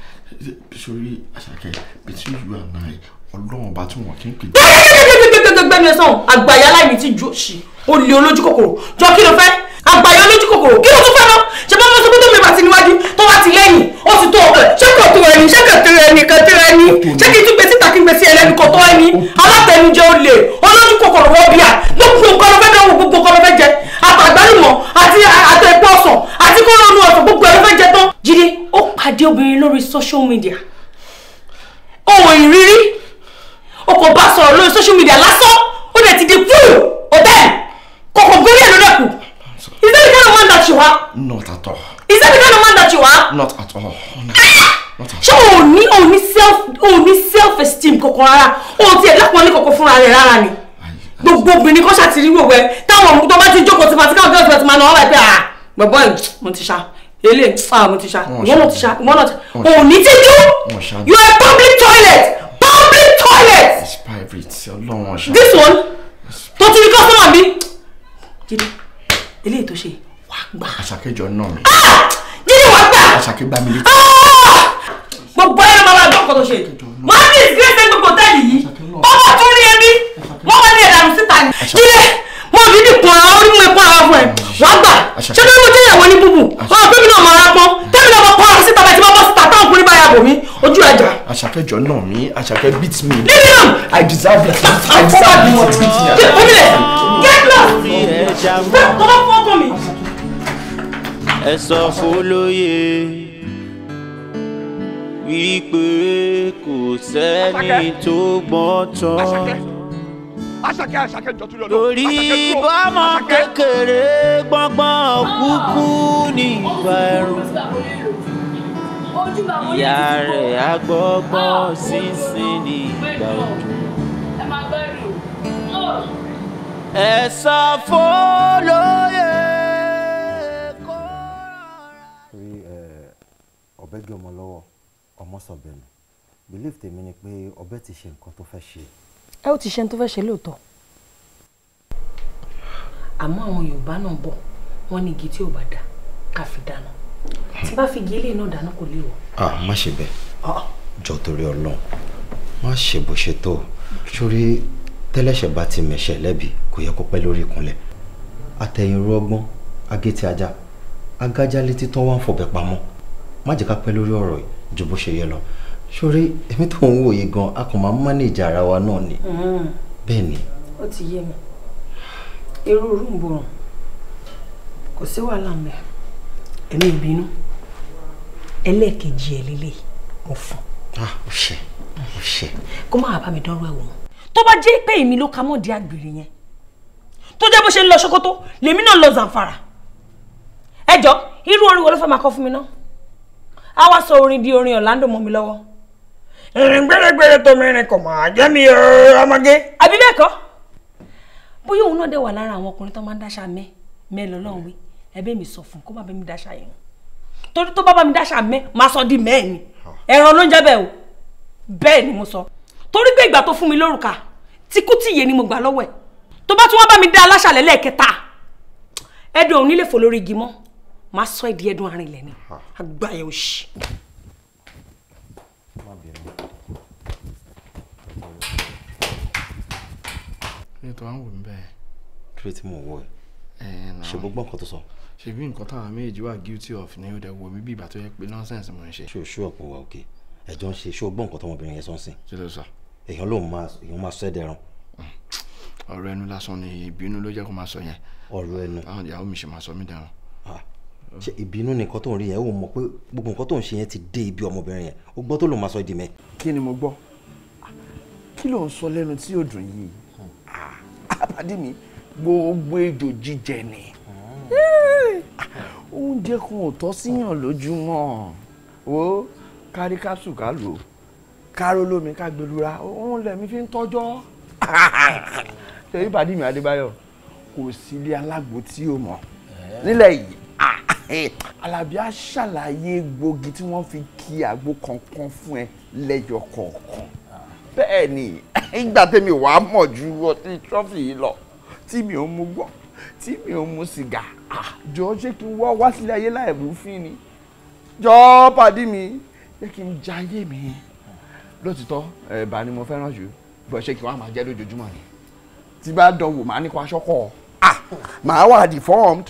sori Àṣàkẹ́ between you and I ọlọ́run ọba tí wọ́n kí n pè. gbẹ́gbẹ́gbẹ́gbẹ́gbẹ́gbẹ́ mi ẹ̀ sọ̀hún àgbàyà láì ní ti ju òṣì olè olójú kòkòrò jọ kí ló fẹ́ àgbàyọ lójú kòkòrò kí ló tún fẹ́ lọ ṣe bá wọn sọ pé tó mẹ́fà sí níwájú tó wá ti lẹ́yìn ó ti tó ṣé kò tó ẹni ṣé kò tó ẹni kan tó ẹni ṣé kì í tún gbé síta kí n gbé sí ẹlẹ́ni kò tó ẹni alátẹnujẹ olè olójú kòkòrò wọ́n bíà gbogbo nǹkan ọ̀fẹ́ náà wò gbogbo nǹkan ọ̀fẹ́ jẹ àtàgbálùmọ̀ àti àtẹ ẹ̀pọ̀ ọ̀sán àti kó lọ́nu ọ̀sán gbogbo ẹ̀rọ fẹ́ jẹ tán. Jídé ó pàdé obìnrin lórí social media ohun ìrírí o kò bá sọ̀rọ̀ lórí social media lásán ó dẹ̀ ti di fúù ọ̀bẹ́ kòkò gorí ẹ̀ lọ́dọ̀ kù Is that the kind of man that you are? Not at all. Is that the kind of man that you are? Not at all. Not at all. ṣé o ní o self o ní self esteem kankan rárá o ti ẹ̀ lápọ̀nlé kankan fúnra rẹ̀ rárá ni gbogbo obìnrin kan ṣàti to the táwọn tó bá ti jókòó ti fàtíkà ọ̀gá ọ̀gá ti máa náwó wáyé pé à gbẹ̀bọ́ ẹ̀ mo ti ṣá ilé ah mo ti Montisha, you mo ti ṣá ìwọ́n náà ti o ní you are public toilet public toilet Private. Your long one. this one tó ti rí kọ́sọ́mà bí eléyìí tó ṣe wà gbà. àṣàkẹjọ náà ah! mi. jíjí wà gbà. àṣàkẹ gbà mí létí. Ah! gbogbo ẹni máa gbọ́ ọkọ̀ tó ṣe wọ́n á ní ìgbésẹ̀ gbogbo tẹ́lẹ̀ yìí ọmọ tó rí ẹbí wọ́n wá ní ẹ̀dàrú síta ni. jíjẹ mo bí ní kun ara orí mu ikú ara fún ẹ wà gbà ṣé bí mo jẹ́ ìyàwó ní búbù ọ̀rọ̀ tóbi náà máa pọ́n mm. tẹ́mi náà máa pọ́n ara síta bẹ́ẹ̀ tí wọ́n bọ́ síta táwọn kúrin bá yàgò mí ojú ẹja. àṣàkẹjọ náà mi àṣàkẹ beat me. lillian I deserve it I deserve it. omi rẹ̀ get lost ẹ sọ fólóyè wípé kò sẹ́ni tó gbọ́n tán torí bọ́mọ kékeré gbọ́ngbọ́n kúkú ní ìgbà ẹ̀rùn ìyá rẹ̀ agbọ́gbọ́n sínsìn ní òjò. ẹ sọ fún lóye. ọ̀bẹ gé ọmọ lọ́wọ́ ọmọ sọ̀bẹ̀ nù belief tèmi ni pé ọ̀bẹ ti ṣe nǹkan tó fẹ́ ṣe. ẹ ó ti ṣe tó fẹ́ ṣe lóòótọ́. àmọ́ àwọn Yorùbá náà bọ̀ wọ́n ní igi tí ò bá dá ká fi dáná tí bá fi igi eléyìí náà dáná kò léwu. a má ṣe bẹ́ẹ̀ jọ torí Ọlọ́run má ṣe bó ṣe tó sórí tẹ́lẹ̀ṣẹ̀ bá ti mẹ̀ṣẹ̀ lẹ́bi kò yẹ kó pẹ́ lórí ìkúnlẹ̀ àtẹ̀yìnrú ọgbọ́n agétí ajá agájá tán wá ń fọ̀bẹ pamọ́ má jẹ́ ká pẹ́ lórí ọ̀rọ̀ yìí ju bó ṣe yẹ lọ sórí èmi tó ń wòye gan a kò máa ń mánèjì ara wa náà ni mm-hmm. bẹ́ẹ̀ ni. ó ti yé mi irú rúǹbùrùn kò sí wàhálà mẹ èmi ò ẹlẹ́ẹ̀kejì ẹ̀ lélẹ̀ mo fún. ah o ṣe o ṣe. kó má bàa mi dánwó ẹ̀wọ̀n tó bá jẹ́ pé èmi ló ka mọ́ di àgbèrè yẹn tó jẹ́ bó ṣe ń lọ ṣòkòtò lèmi náà lọ zàǹfàrà ẹjọ́ irú orin wo ló fẹ́ máa kọ́ fún mi náà á wá sọ orin di orin Orlando mọ́ mi lọ́wọ́. ìrìn gbèrègbèrè tó mìíràn kò máa jẹ́ mi ọmọge. àbí bẹ́ẹ̀ kọ́ bóyá òun náà dẹ̀ wà lára àwọn ọkùnrin tó máa ń dáṣà mẹ́ mẹ́ lọ́lọ́run wí ẹbẹ́ mi sọ fún kó má bẹ́ mi dáṣà yẹn torí tó bá bá mi dáṣà mẹ́ máa sọ di mẹ́ẹ̀ ni ẹ̀ràn ló ń jẹ́ o bẹ́ẹ̀ ni mo sọ torí pé ìgbà tó fún mi lórúkà tikútìyè ni mo gbà lọ́wọ́ ẹ̀ tó bá tún wá bá mi dá aláṣàlẹ̀ lẹ́ẹ̀kẹta ẹ̀dùn òun nílé fò lórí igi mọ́ máa sọ ẹ díẹ̀ dún arìnlẹ̀ ni agbáyé òṣì. ní tó wá ń wò mí bẹ́ẹ̀. kílódé tí mò ń wọ ẹ ṣe gbogbo nǹkan tó sọ. ṣebí nǹkan táwọn méjì wà guilty of ni ó dẹ̀ wò mí bí ìgbà tó yẹ pé nonsense mo ń ṣe. ṣé o ṣú ọ̀pọ̀ wa òkè ẹ̀jọ́ ń ṣe ṣé o gbọ́ nǹkan tọmọbìnrin yẹn sọ ń sìn. kí ló sọ. èèyàn lòun máa èèyàn máa sọ ẹ̀ ọ̀rọ̀ ẹnu lásán ni ìbínú ló jẹ́ kó máa sọ yẹn. ọ̀rọ̀ ẹnu. àwọn ìyàwó mi ṣe máa sọ mí dẹ̀rùn ṣe ìbínú nìkan tó ń rí yẹn ó mọ̀ pé gbogbo nǹkan tó ń ṣe yẹn ti dé ibi ọmọbìnrin yẹn ó gbọ́ tó lòun máa sọ ìdí mẹ́. kí ni mo gbọ́ kí ló ń sọ lẹ́nu tí yóò dùn yìí àpàdé ah, mi gbogbo ejò jíjẹ ni oúnjẹ kan ò tọ́ síyàn lójúmọ́ o kárí kápsù ká lò ó káró lómi ká gbẹlura òun lẹ̀mí fi ń tọ́jọ́ ṣe ìbàdí mi Adébáyọ̀ kò sí ilé alágbo tí o mọ̀ nílẹ̀ yìí Àlàbí ah, eh. á ṣàlàyé gbòógì tí wọ́n fi kí àgbo kankan fún ẹ lẹ́yọ kọ̀ọ̀kan bẹ́ẹ̀ ni ìgbà tèmi wàá mọ̀ ju ọtí trọ́fì yìí lọ tí mi ò mu gbọ́ tí mi ò mu sìgá ah, jọ̀ọ́ ṣé kí n wọ́ wá sílé ayé láì rúfin ni jọ̀ọ́ pàdí mi ṣé kí n jayé mi lótìtọ́ ẹ̀bà ni mo fẹ́ràn jù bọ́ ṣé kí wọ́n á máa jẹ́ lójoojúmọ́ ni tí bá dánwò màá ní kó aṣọ ah, màá wà deformed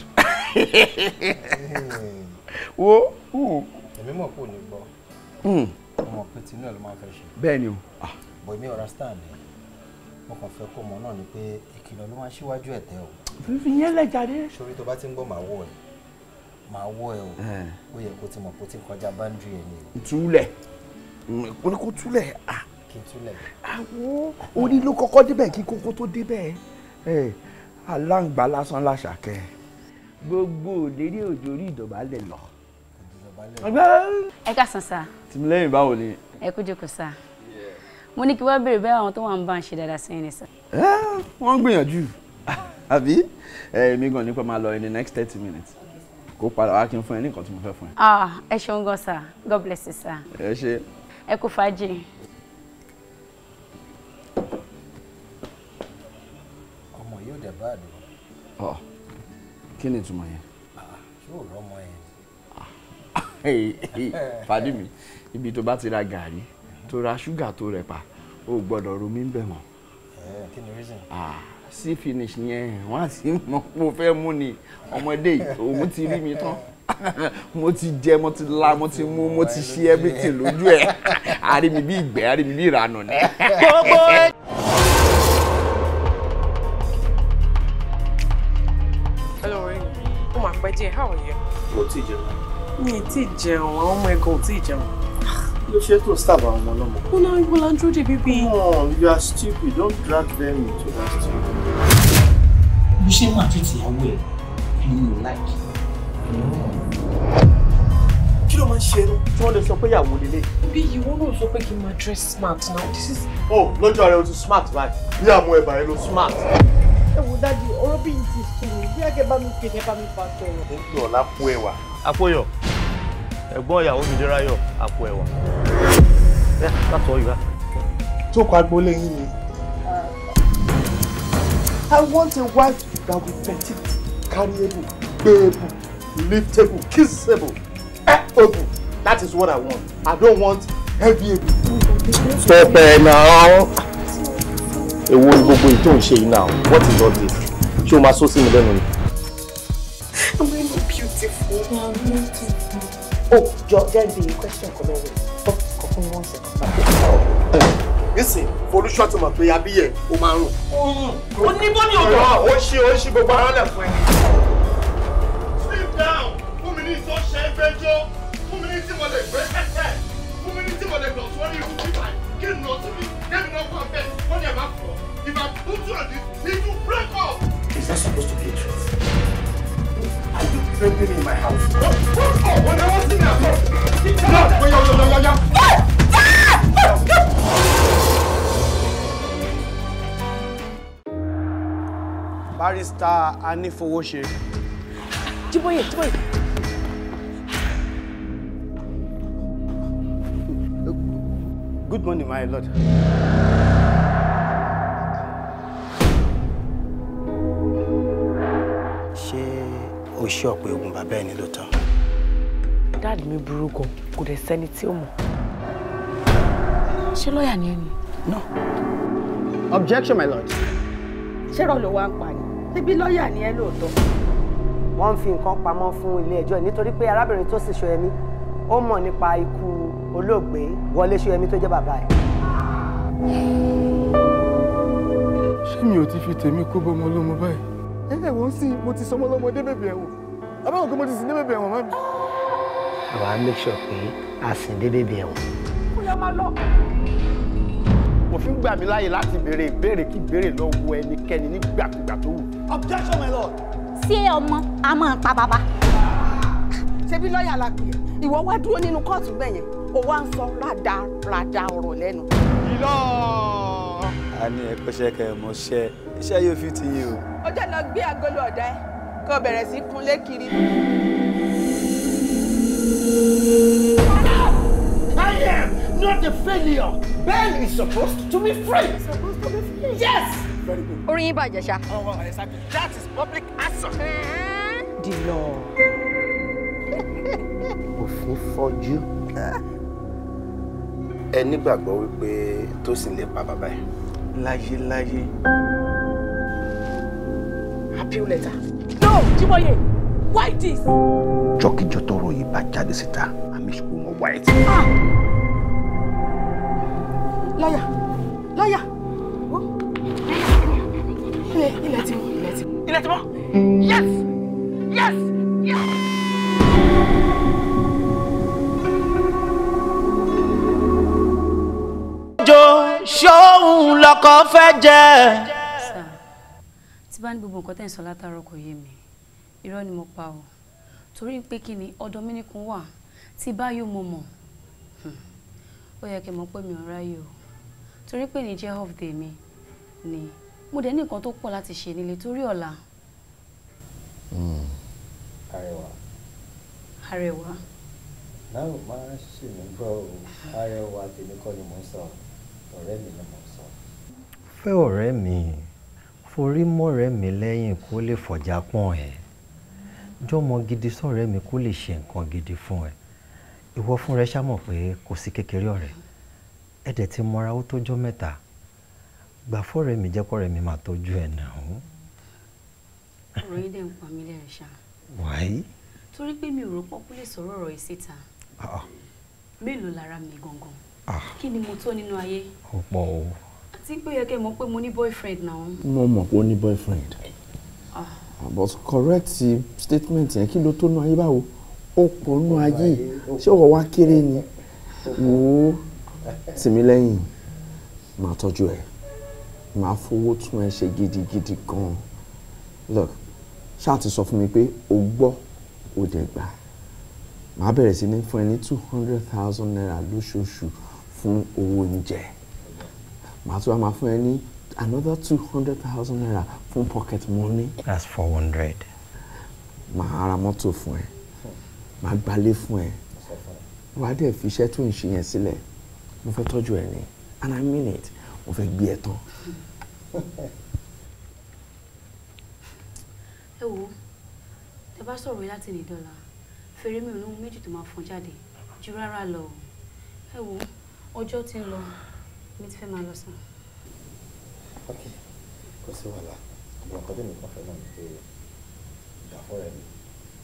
wo. èmi mọ̀ kò ní gbọ́ ọmọ hmm. pé tinú ẹ̀ ló máa fẹ́ ṣe. bẹ́ẹ̀ ni o. Ah. bọ̀ èmi ọ̀rá stand mo kàn fẹ́ kó mọ̀ náà ni pé ìkìlọ̀ ló máa ṣíwájú ẹ̀tẹ́ o. fífi yẹn lẹ̀ jáde. sórí tó bá ti ń gbọ́ màá wọ̀ ẹ́ màá wọ̀ ẹ́ o eh. ó yẹ kó ti mọ̀ kó ti kọjá báńdìrì ẹ̀ ni o. túlẹ̀ kó hmm, ní kó túlẹ̀ ah. kí n túlẹ̀. àwọn orí ló kọ́kọ́ débẹ̀ kí kókó tó débẹ̀ eh, aláǹgbá lásán láṣà kẹ́ gbogbo òlérí òjò orí ìdọ̀bálẹ̀ lọ. ẹ ká san sa. tìmílẹ́yìn báwo ni. ẹ kú jókòó sa mo ní kí wọ́n béèrè bẹ́ẹ̀ àwọn tó wà ń bá ń ṣe dáadáa sẹ́yìn ni sa. wọ́n gbìyànjú àbí èmi gan nípa máa lọ in the next thirty minutes kó padà wá kí n fún ẹ ní tí mo fẹ́ fún ẹ. ẹ ṣeun gan sa god bless you sa. ẹ ṣe. ẹ kú fàájì. ọmọ yóò dẹ̀ bá a dùn kí ni ìtumọ̀ yẹn. yóò lọ́mọ yẹn. fàdí mi ibi tó bá ti ra gàrí tó ra ṣúgà tó rẹ̀ pa ó gbọ́dọ̀ romi ń bẹ̀ wọ́n. Eh, kí ni reason. sí finish yẹn wọ́n á sì mọ̀ mo fẹ́ mú ni ọmọdé yìí òun ti rí mi tán mo ti jẹ mo ti la mo ti mu mo ti ṣe everything lójú ẹ àrí mi bí ìgbẹ́ àrí mi bí ìranù ni. dear, how are you? Mo ti jẹun. Mi ti jẹun, àwọn ọmọ ẹ̀gàn ò ti jẹun. Ló ṣe tó sábà àwọn ọlọ́mọ. Ó náà ń gbọ́lá dúró bíbí. Come on, you are stupid, don't drag them into that stupid. Mo ṣe máa fi tìyàwó ẹ̀ you mi ò láìkí. Kí ló máa ń ṣe ẹnu tí wọ́n lè sọ pé ìyàwó lélẹ̀? Bí ìwọ náà sọ pé kí n máa dress smart now, this is. Oh, lọ́jọ́ rẹ̀ o ti smart báyìí. Bí àmú ẹ̀bà rẹ̀ ló smart ẹ wò dájú ọ̀rọ̀ bí n ti sùn bí ẹ̀kẹ́ bá mi pè kẹ́ bá mi bá sọ̀rọ̀. ó ń pè ọ́ lápò ẹ̀wà. àpòyọ ẹ̀gbọ́n ìyàwó mi dérayọ àpò ẹ̀wà. ẹ látọ̀ ìwà. tó I want a wife that will be petite, carryable, bearable, liftable, kissable, able. That is what I want. I don't want heavy Stop it now èwo ni gbogbo èyí tó yìí now what is all this ṣé o máa sọ sí mi lẹ́nu ni. am I beautiful. you are beautiful. oh jọ jẹ bi question kan lọ́wọ́ ọ kọ fún mi one second nísìn folúṣọ́ ti mọ̀ pé abíyẹ̀ ó máa ń rùn. oorun mm. ó ní bọ́ọ̀lì ọ̀gbọ́n. ó ṣe ó ṣe gbogbo ara lẹ̀ fún ẹ. sleep down. can put you on this if you break up. Is that supposed to be a truth? Are you threatening me in my house? Oh, oh, oh, when I was in there, no. No, wait, yo, yo, yo, yo, yo. No! Ah! No! Barrister Anifowose. Jiboye, Jiboye. Good morning, my lord. ṣí ọ̀pọ̀ egun bàbá ẹni ló tán. dáàdì mi burú gan kò dẹ̀ sẹ́ni tí ó mọ̀. ṣé lọ́ọ̀yà ni ẹ ni. no. objection my lord. ṣé rọ ló wá ń pa ni ṣébí lọ́ọ̀yà ni ẹ lóòótọ́. wọ́n ń fi nǹkan pamọ́ fún ilé ẹjọ́ nítorí pé arábìnrin tó sì ṣoyẹmí ó mọ̀ nípa ikú olóògbé wọlé ṣoyẹmí tó jẹ́ bàbá ẹ̀. ṣé mi ò ti fi tèmi kó bọ́mọ lọ́mọ báyìí ẹ̀wọ̀n sí mo ti sọmọ lọ́mọdé bèbè ẹ̀wọ̀n abáwọn kí mo ti sìn dé bèbè ẹ̀wọ̀n mọ́ mi. àwa make sure pé a sìn dé bèbè ẹ̀wọ̀n. ó yá máa lọ. òfin gbà mí láàyè láti béèrè ìbéèrè kí ìbéèrè lọ́wọ́ ẹnikẹ́ni nígbàkúgbà tó wù. objection my lord. sí ọmọ a máa pa bàbá. ṣebí lọ́ọ̀yà la pè é ìwọ wá dúró nínú kóòtù bẹ́ẹ̀ yẹn ó wá ń sọ rádaràda ọ̀rọ̀ lẹ́nu. ìlọ. a ní ẹ̀kọ́ṣẹ́ kẹ́ ẹ̀ mọ́ṣẹ́ iṣẹ́ yóò fi ti yín o. ọjọ́ lọ gbé agolo ọ̀dà ẹ̀ kó bẹ̀rẹ̀ sí kunlé kiri. I am not a failure. Ben is supposed to be free. He's supposed to be free. Yes. Very good. Orin yín bàjẹ́ ṣá. Oh, well, exactly. That is public answer. The law. Òfin fọ́jú. Ẹ nígbàgbọ́ wípé Tósìn lè pa bàbá ẹ̀. Láyé láyé appeal letter. No, Jiboye, why this? Jọ́kíjọ́ tọ́rọ̀ yìí bá jáde síta, àmì ìṣòro mọ̀ wá ẹ̀ tí. Ah! Lọ́yà, Lawyer, ilẹ̀ ti mú, ilẹ̀ ti mú. Ilẹ̀ ti mú? Yes! Yes! Yes! jo show lọkọ fẹ́ jẹ́ tí bá ní gbogbo nǹkan tẹ̀ ń sọ látàárọ̀ kò yé mi irọ́ ni mo pa o torí pé kí ni ọ̀dọ̀ mi nìkan wà tí báyò mo mọ̀ hmm. ó yẹ kí n mọ̀ pé mi ò ráyè o torí pé ní jẹ́ off day mi ni mo dẹ̀ ní nǹkan tó pọ̀ láti ṣe nílé torí ọ̀la. Arẹwà. Hmm. Arẹwà. Láwo máa ń ṣì mí gbọ́ o, Arẹwà tèmi kọ́ ni mò ń sọ, ọ̀rẹ́ mi ni mò ń sọ. Fẹ́ ọ̀rẹ́ mi forí mọ̀rẹ́ mi lẹ́yìn kó lè fọ̀já pọ̀n ẹ̀ jọmọ gidi sọ̀rẹ́ mi kó lè ṣe nǹkan gidi fún ẹ ìwọ fún rẹ ṣá mọ̀ pé kò sí kékeré ọ̀rẹ́ ẹ dẹ̀ ti mọra ó tójọ́ mẹ́ta gbà fọ́rẹ́ mi jẹ́ kọ́rẹ́ mi máa tọ́jú ẹ̀ náà. ọ̀rọ̀ yín dẹ̀ ń pa mí lẹ́rìn ṣá. wáyé. torí pé mi ò rò pọ́kú lè sọ̀rọ̀ ọ̀rọ̀ yìí síta ah, ah. mélòó lára mi gangan ah. kí ni mo tó nínú ayé. ọ̀pọ̀ o sí pé yẹ kẹ́ mọ̀ pé mo ní boyfriend náà. mo mọ̀ pé ó ní boyfriend ah. Ah, but correct statement yẹn kí ló tó nu ayé báwo ó pọ̀ nu ayé ṣé ọ̀wọ́ wá kéré ni wò ó tì lẹ́yìn màá tọ́jú ẹ̀ màá fowó tún ẹ ṣe gidigidi gan-an look ṣáà ti sọ fún mi pé o gbọ́ o dẹ̀ gbà màá bẹ̀rẹ̀ sí ní fún ẹ ní two hundred thousand naira lóṣooṣù fún owó oúnjẹ màá tún wá máa fún ẹ ní another two hundred thousand naira fún pocket money. that's four hundred. màá ra mọ́tò fún ẹ màá gbalé fún ẹ wàá dẹ̀ fi iṣẹ́ tó ń ṣe yẹn sílẹ̀ mo fẹ́ tọ́jú ẹ ní and i mean it mo fẹ́ gbé ẹ tán. ẹ wo tẹ bá sọ̀rọ̀ láti ní dọ́là fèrè mi ò lóhun méjì tó máa fọn jáde jù rárá lọ ẹ wo ọjọ́ ti ń lọ mi ti fẹ́ máa lọ sàn. ok kò sí wàhálà ìgbọ̀n kan tẹ̀mí kan fẹ́ náà ni pé ìdàfọ́ rẹ̀ mi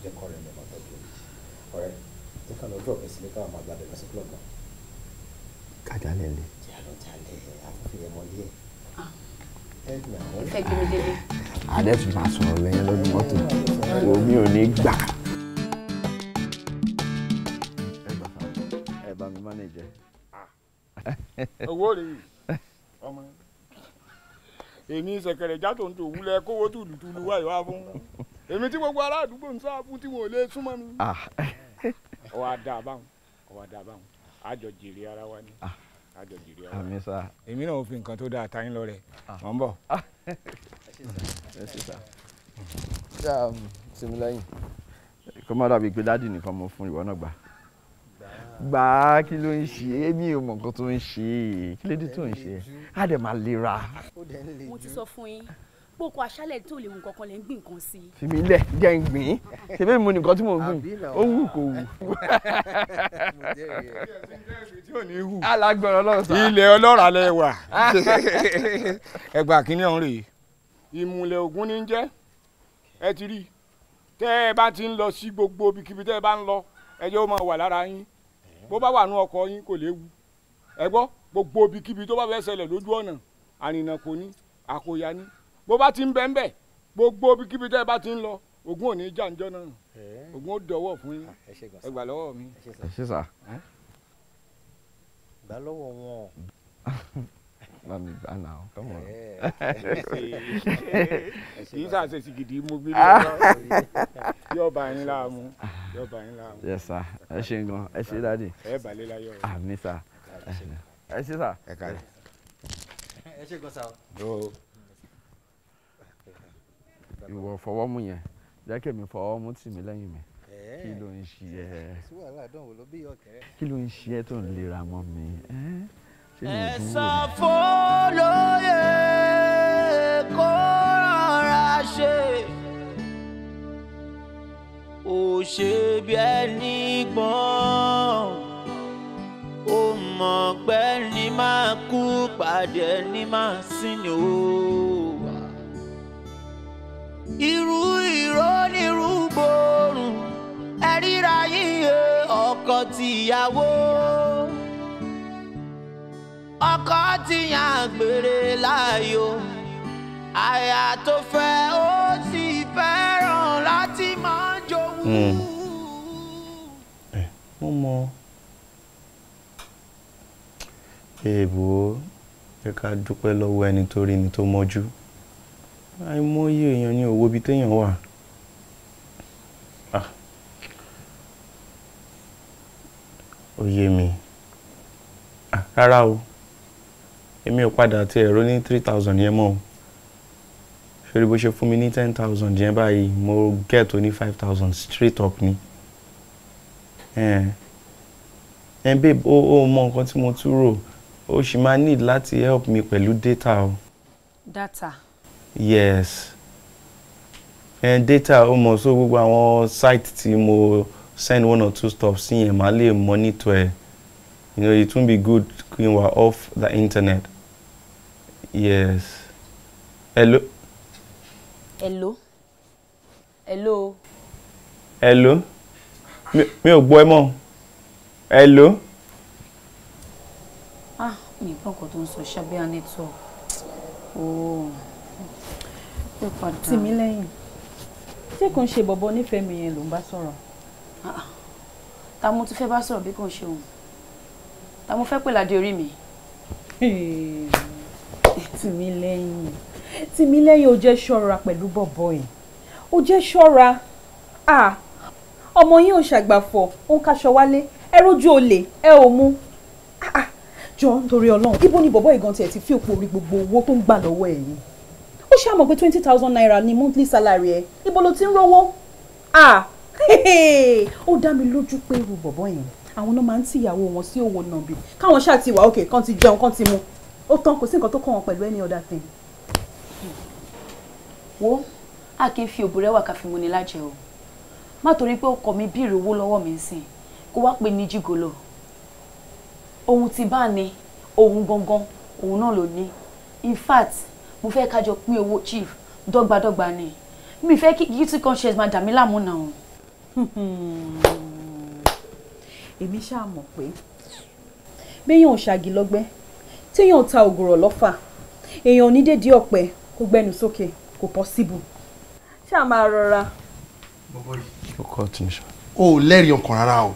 jẹ́ kọ́ rẹ̀ mi máa tọ́jú mi ọ̀rẹ́ tí kan lọ́jọ́ ọ̀bẹ sílé káwọn máa gbàdé lọ sí club náà. kájálẹ̀ lè. jálọ jálẹ̀ àfihàn mọ́lẹ́ ẹ̀. ìfẹ́ gbé mi délé. adé tún máa sọ̀rọ̀ lẹ́yìn lọ́dún mọ́tò omi ò ní gbà. owó rèé ọmọ èmi ṣẹ̀kẹ̀rẹ̀ já tó ń tò wúlẹ̀ kówó tùlùtùlù wáyé wá fún èmi tí gbogbo ará àdúgbò ń sáà fún tí wọn ò lè súnmọ́ mi. ọwọ́ ah. adá báwọn ọwọ́ adá báwọn àjọ jèrè ara wa ni àjọ ah. jèrè ara wa. èmi náà ò fi nǹkan tó dáa tayín lọ rẹ ah. mọ̀ ń bọ̀. ṣé àmì sinmi lẹ́yìn kó má dàbí pé dádì nìkan mo fún ìwọ náà gbà gbà á kí ló ń ṣe é mi ò mọ nǹkan tó ń ṣe é kí ló dé tó ń ṣe é á dẹ̀ máa lera. mo ti sọ fún yín gbogbo aṣálẹ̀ tó léwu kankan lè ń gbìn nǹkan sí. fìmí lẹ jẹ ń gbìn tèmi mo nìkan tí mo ń gbìn ó wù kò wù. alágbọ̀n ọlọ́run sá. ilẹ̀ ọlọ́ràá lẹ wà ẹgbà kínní ọ̀hún rèé ìmùlẹ̀ ògún ní í jẹ́ ẹ ti rí tẹ́ ẹ bá ti ń lọ sí gbogbo ibikíbi tẹ́ ẹ bá ń lọ ẹjọ́ ó máa wà lára yín bó bá wà nú ọkọ yín kò léwu ẹ gbọ́ gbogbo ibikíbi tó bá fẹ́ ṣẹlẹ̀ lójú ọ̀nà àrìnà kò ní àkóyá ní bó bá ti ń bẹ́ ń bẹ̀ gbogbo ibikíbi tẹ́ ẹ bá ti ń lọ ogun ò ní já ǹjọ́ náà ogun ó dọwọ́ fún yín ah, ẹ gbà lọ́wọ́ mi. ẹ ṣe sà. gbà lọ́wọ́ wọn. mami bana o come on. kì í sàṣe sìgìdì mú bí lọ́wọ́ yóò bá yín láàmú yóò bá yín láàmú. yes sir ẹ ṣe gan ẹ ṣe dáàdi. ẹ balẹ̀ láyọ̀ o. àmì sà ẹ ṣe sà. ẹ káàdì. ẹ ṣe gan sà o. ìwọ fọwọ́ mú yẹn jẹ́ kí èmi fọwọ́ mú tì mí lẹ́yìn mi kí ló ń ṣe ẹ́ kí ló ń ṣe ẹ sọ fọlọ́yẹ kó rọra ṣe ò ṣe bí ẹni gbọ́n ó mọ̀ pé ní máa kú pàdé ní máa sin ni ó wà. irú ìró ni irú gbòòrùn ọkọ ti yàn gbèrè láàyò àyà tó fẹ́ ó sì fẹ́ràn láti máa jowú. ẹ hmm. eh, mo mọ èèbò ẹ ká dúpẹ́ lọ́wọ́ ẹni tó rí ni tó mọ́jú àìmọye èèyàn ní owó bíi téèyàn wà. Ah. ó mi ah, rárá o èmi ò padà ti ẹ̀rọ ní three thousand yẹn mọ́ o ṣòrí bó ṣe fún mi ní ten thousand yẹn báyìí mo get o ní five thousand straight up ni ẹ babe ó ó mọ nǹkan tí mo tún rò ó sì máa need láti help me pẹ̀lú data o. data. yes and data ó mọ̀ so gbogbo àwọn site tí mo send one or two stuff sí yẹn màá lè monitor ẹ̀ you know it won't be good kí n wà off the internet. Yes. Hello. Hello. Hello. Hello. Mi ò gbọ́ ẹ mọ́. Hello. Ah, mi ò gbọ́ nǹkan tó ń sọ ṣábíà network. Oh. Ó padà. Tì mí lẹ́yìn. Ṣé kò ń ṣe bọ̀bọ̀ nífẹ̀ẹ́ mi yẹn ló ń bá sọ̀rọ̀? Ah, ah. Ta mo tún fẹ́ bá sọ̀rọ̀ bí kò ń ṣe òun? Ta mo fẹ́ pè ládé orí mi? Tìmílẹ́yìn Tìmílẹ́yìn ó jẹ́ ṣọ́ra pẹ̀lú bọ̀bọ̀ yìí ó jẹ́ ṣọ́ra ọmọ yín ò ṣàgbàfọ̀ ó ń kaṣọ wálé ẹ rójú olè ẹ ò mú jọ nítorí ọlọ́run ibo ni bọ̀bọ̀ ìgan tiẹ̀ ti fi òpó orí gbogbo owó tó ń gbà lọ́wọ́ ẹ̀ yìí ó ṣàmọ̀ pé twenty thousand naira ni monthly salary ẹ ibo ló ti ń rówó ó dá mi lójú pé irú bọ̀bọ̀ yẹn àwọn náà máa ń tìyàwó wọn sí òwò nàbì káwọn ṣáà ti wà òkè kán ti jẹun kán ti mu ó tán kò sí nǹkan tó kàn wọ́n pẹ̀lú any other thing. wo a kì í fi òbú rẹwà ká fi mu ni lájẹ o má torí pé ọkọ mi bìrì owó lọ́wọ́ mi sìn kó wá pè ní jìgòlò ohun tí bá ní ohun gangan òun náà ló ní in fact mo fẹ́ kájọ pín owó chief dọ́gbadọ́gba ni mi fẹ́ kí guilty conscience máa dà mí láàmú náà o. èmi ṣáà mọ̀ pé béèyàn ò ṣàgì lọ́gbẹ́ téèyàn ta ògùrọ̀ lọ́fà èèyàn onídèédé ọ̀pẹ kó gbẹnu sókè kò possible ṣáà máa rọra. o ò lẹ́rìí ọkàn rárá o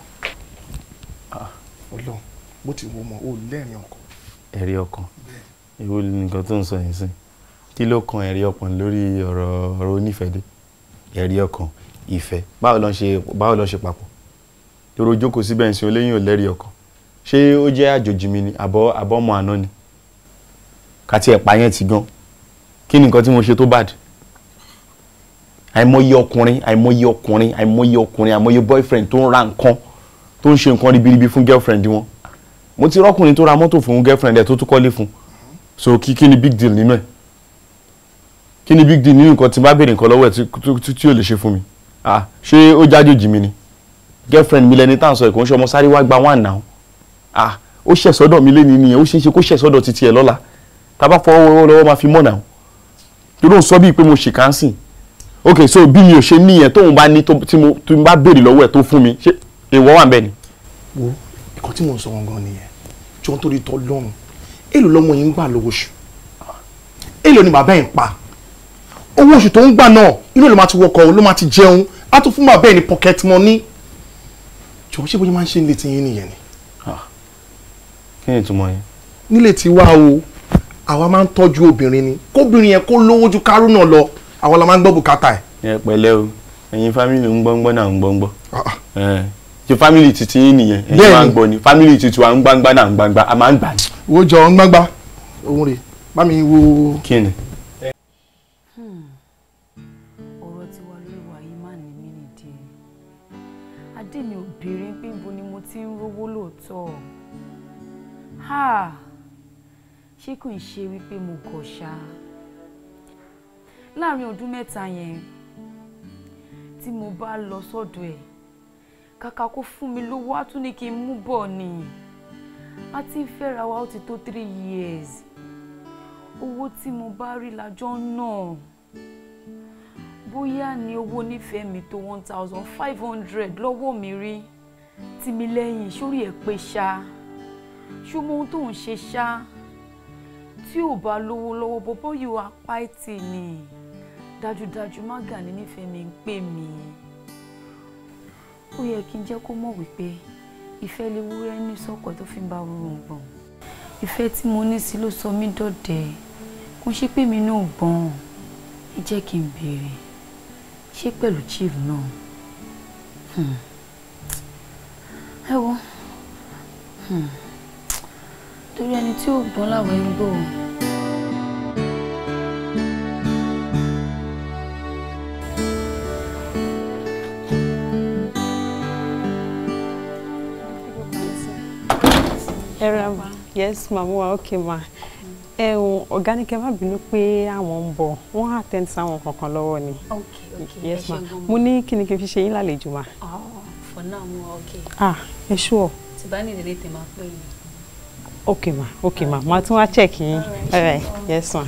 ah. ọlọ́run bó ti wo mọ o ò lẹ́rìí ọkàn. ẹ̀rí ọkàn èwo ni nǹkan tó ń sọ yẹn sí kí ló kan ẹ̀rí ọkàn lórí ọ̀rọ̀ ọ̀rọ̀ onífẹ̀dé ẹ̀rí ọkàn ìfẹ́ báwo ló ń ṣe báwo ló ń ṣe papọ̀ èrò jókòó síbẹ̀ ń sin oléyìn ò lẹ́rìí ọkàn ṣé ó jẹ́ àjòjì mi ni àbọ̀ àbọ̀ ọmọ àná ni kàti ẹ̀pà yẹn ti gan kí ni nǹkan tí mo ṣe tó bad àìmọye ọkùnrin àìmọye ọkùnrin àìmọye ọkùnrin àìmọye boyfriend tó ń ra nǹkan tó ń ṣe nǹkan ribiribi fún girlfriend wọn mo ti rọ́kùnrin tó ra mọ́tò fún girlfriend ẹ̀ tó tún kọ́lé fún so kí kí ni big deal nínú ẹ̀ kí ni big deal nínú nǹkan tí n bá béèrè nǹkan lọ́wọ́ ẹ̀ tí ò lè ṣe fún mi ṣé ó jájòjì mi ni girlfriend mi lẹni tá à ń sọ ẹ̀kọ́ ọmọ sáré wá gba one now ah ó ṣẹ̀ sọ́dọ̀ mi lé ní nìyẹn ó ṣeé ṣe kó ṣẹ̀ sọ́dọ̀ títí ẹ̀ lọ́la tá a bá fọwọ́ lọ́wọ́ máa fi mọ̀ náà torí òun sọ bíi pé mo ṣì kàn sìn ok so bí mi ò ṣe níyẹn tóun bá ní tí mo tí mo bá béèrè lọ́wọ́ ẹ̀ tó fún mi ṣé èèwọ̀ wà ń bẹ̀ ni. wo nǹkan tí mò ń sọ wọn gan nìyẹn jọ nítorí tọ́ lọ́rùn èlò lọ́mọ yìí ń gbà lọ́wọ́ oṣù èlò ni bàbá yìí pa owó oṣù tó ń gbà náà inú ló máa ti wọkọ̀ ló máa ti jẹun á tún fún bàbá yìí ní pocket money jọ ṣé bóyá máa ń ṣe ń lè tiyín nìyẹn ni kí ni ìtumọ̀ yẹn. nílé tiwa o àwa máa ń tọ́jú obìnrin ni kóbìnrin yẹn kó lówó ju kárúnà lọ àwa la máa ń gbọ́ bùkátà ẹ̀. ẹ pẹ̀lẹ́ o ẹ̀yin fámìlì ń gbọ́ ń gbọ́ náà ń gbọ́ ń gbọ́ ah, ah. ṣe fámìlì titi yín nìyẹn ẹ̀yin máa ń gbọ́ ni fámìlì titi wa ń gbangba náà ń gbangba a máa ń gbà ní. wo jọ ń gbangba òun rè bá mi wo. kí ni. Hmm. ọ̀rọ̀ tí wàá lórí wa yìí máa ní mí nìdí adé mi ò béèrè pé ibo ni mo ti ń rówó lóòótọ́ ṣé kò ń ṣe wípé mo gọ̀ ṣá láàrin ọdún mẹ́ta yẹn tí mo bá lọ sọ́dọ̀ ẹ̀ kàkà kó fún mi lówó á ní kí n mú bọ̀ ni a ti ń fẹ́ra wa ó ti tó three years owó tí mo bá rí lájọ́ náà bóyá ni owó nífẹ̀ẹ́ mi tó one thousand five hundred lọ́wọ́ mi rí tìmílẹ́yìn sórí ẹ̀ pé ṣáá ṣùgbọ́n ohun tó ń ṣe ṣá tí ò bá lówó lọ́wọ́ bọ́bọ́ yìí wá páìtì ni dájúdájú má gà ní nífẹ̀ẹ́ mi ń pè mí ó yẹ kí n jẹ́ kó mọ̀ wípé ìfẹ́ léwúrẹ́ ní sọ́kọ̀ tó fi ń bá oorun gbọ̀n ìfẹ́ tí mo ní sí ló sọ mí dọ̀dẹ̀ kò ṣe pé mi náà gbọ̀n ẹ jẹ́ kí n béèrè ṣé pẹ̀lú chief náà hmm. ẹ wo. Hmm torí ẹni tí ò gbọ́n láwọn ẹni gbọ́ òun. ẹ̀rọ ma yes màmú wa ok ma ẹ̀hún ọ̀gá ni kẹ́ má bínú pé àwọn ń bọ̀ wọ́n á tẹ́ sáwọn kankan lọ́wọ́ ni yes ma mo ní kí ni kí n fi ṣe yín lálejò ma. Ah, ok. ah ẹ ṣú ọ. tìbá ní ìdílé tèmi á pè yín okay ma okay ma ma tún wá check yín all right yes ma.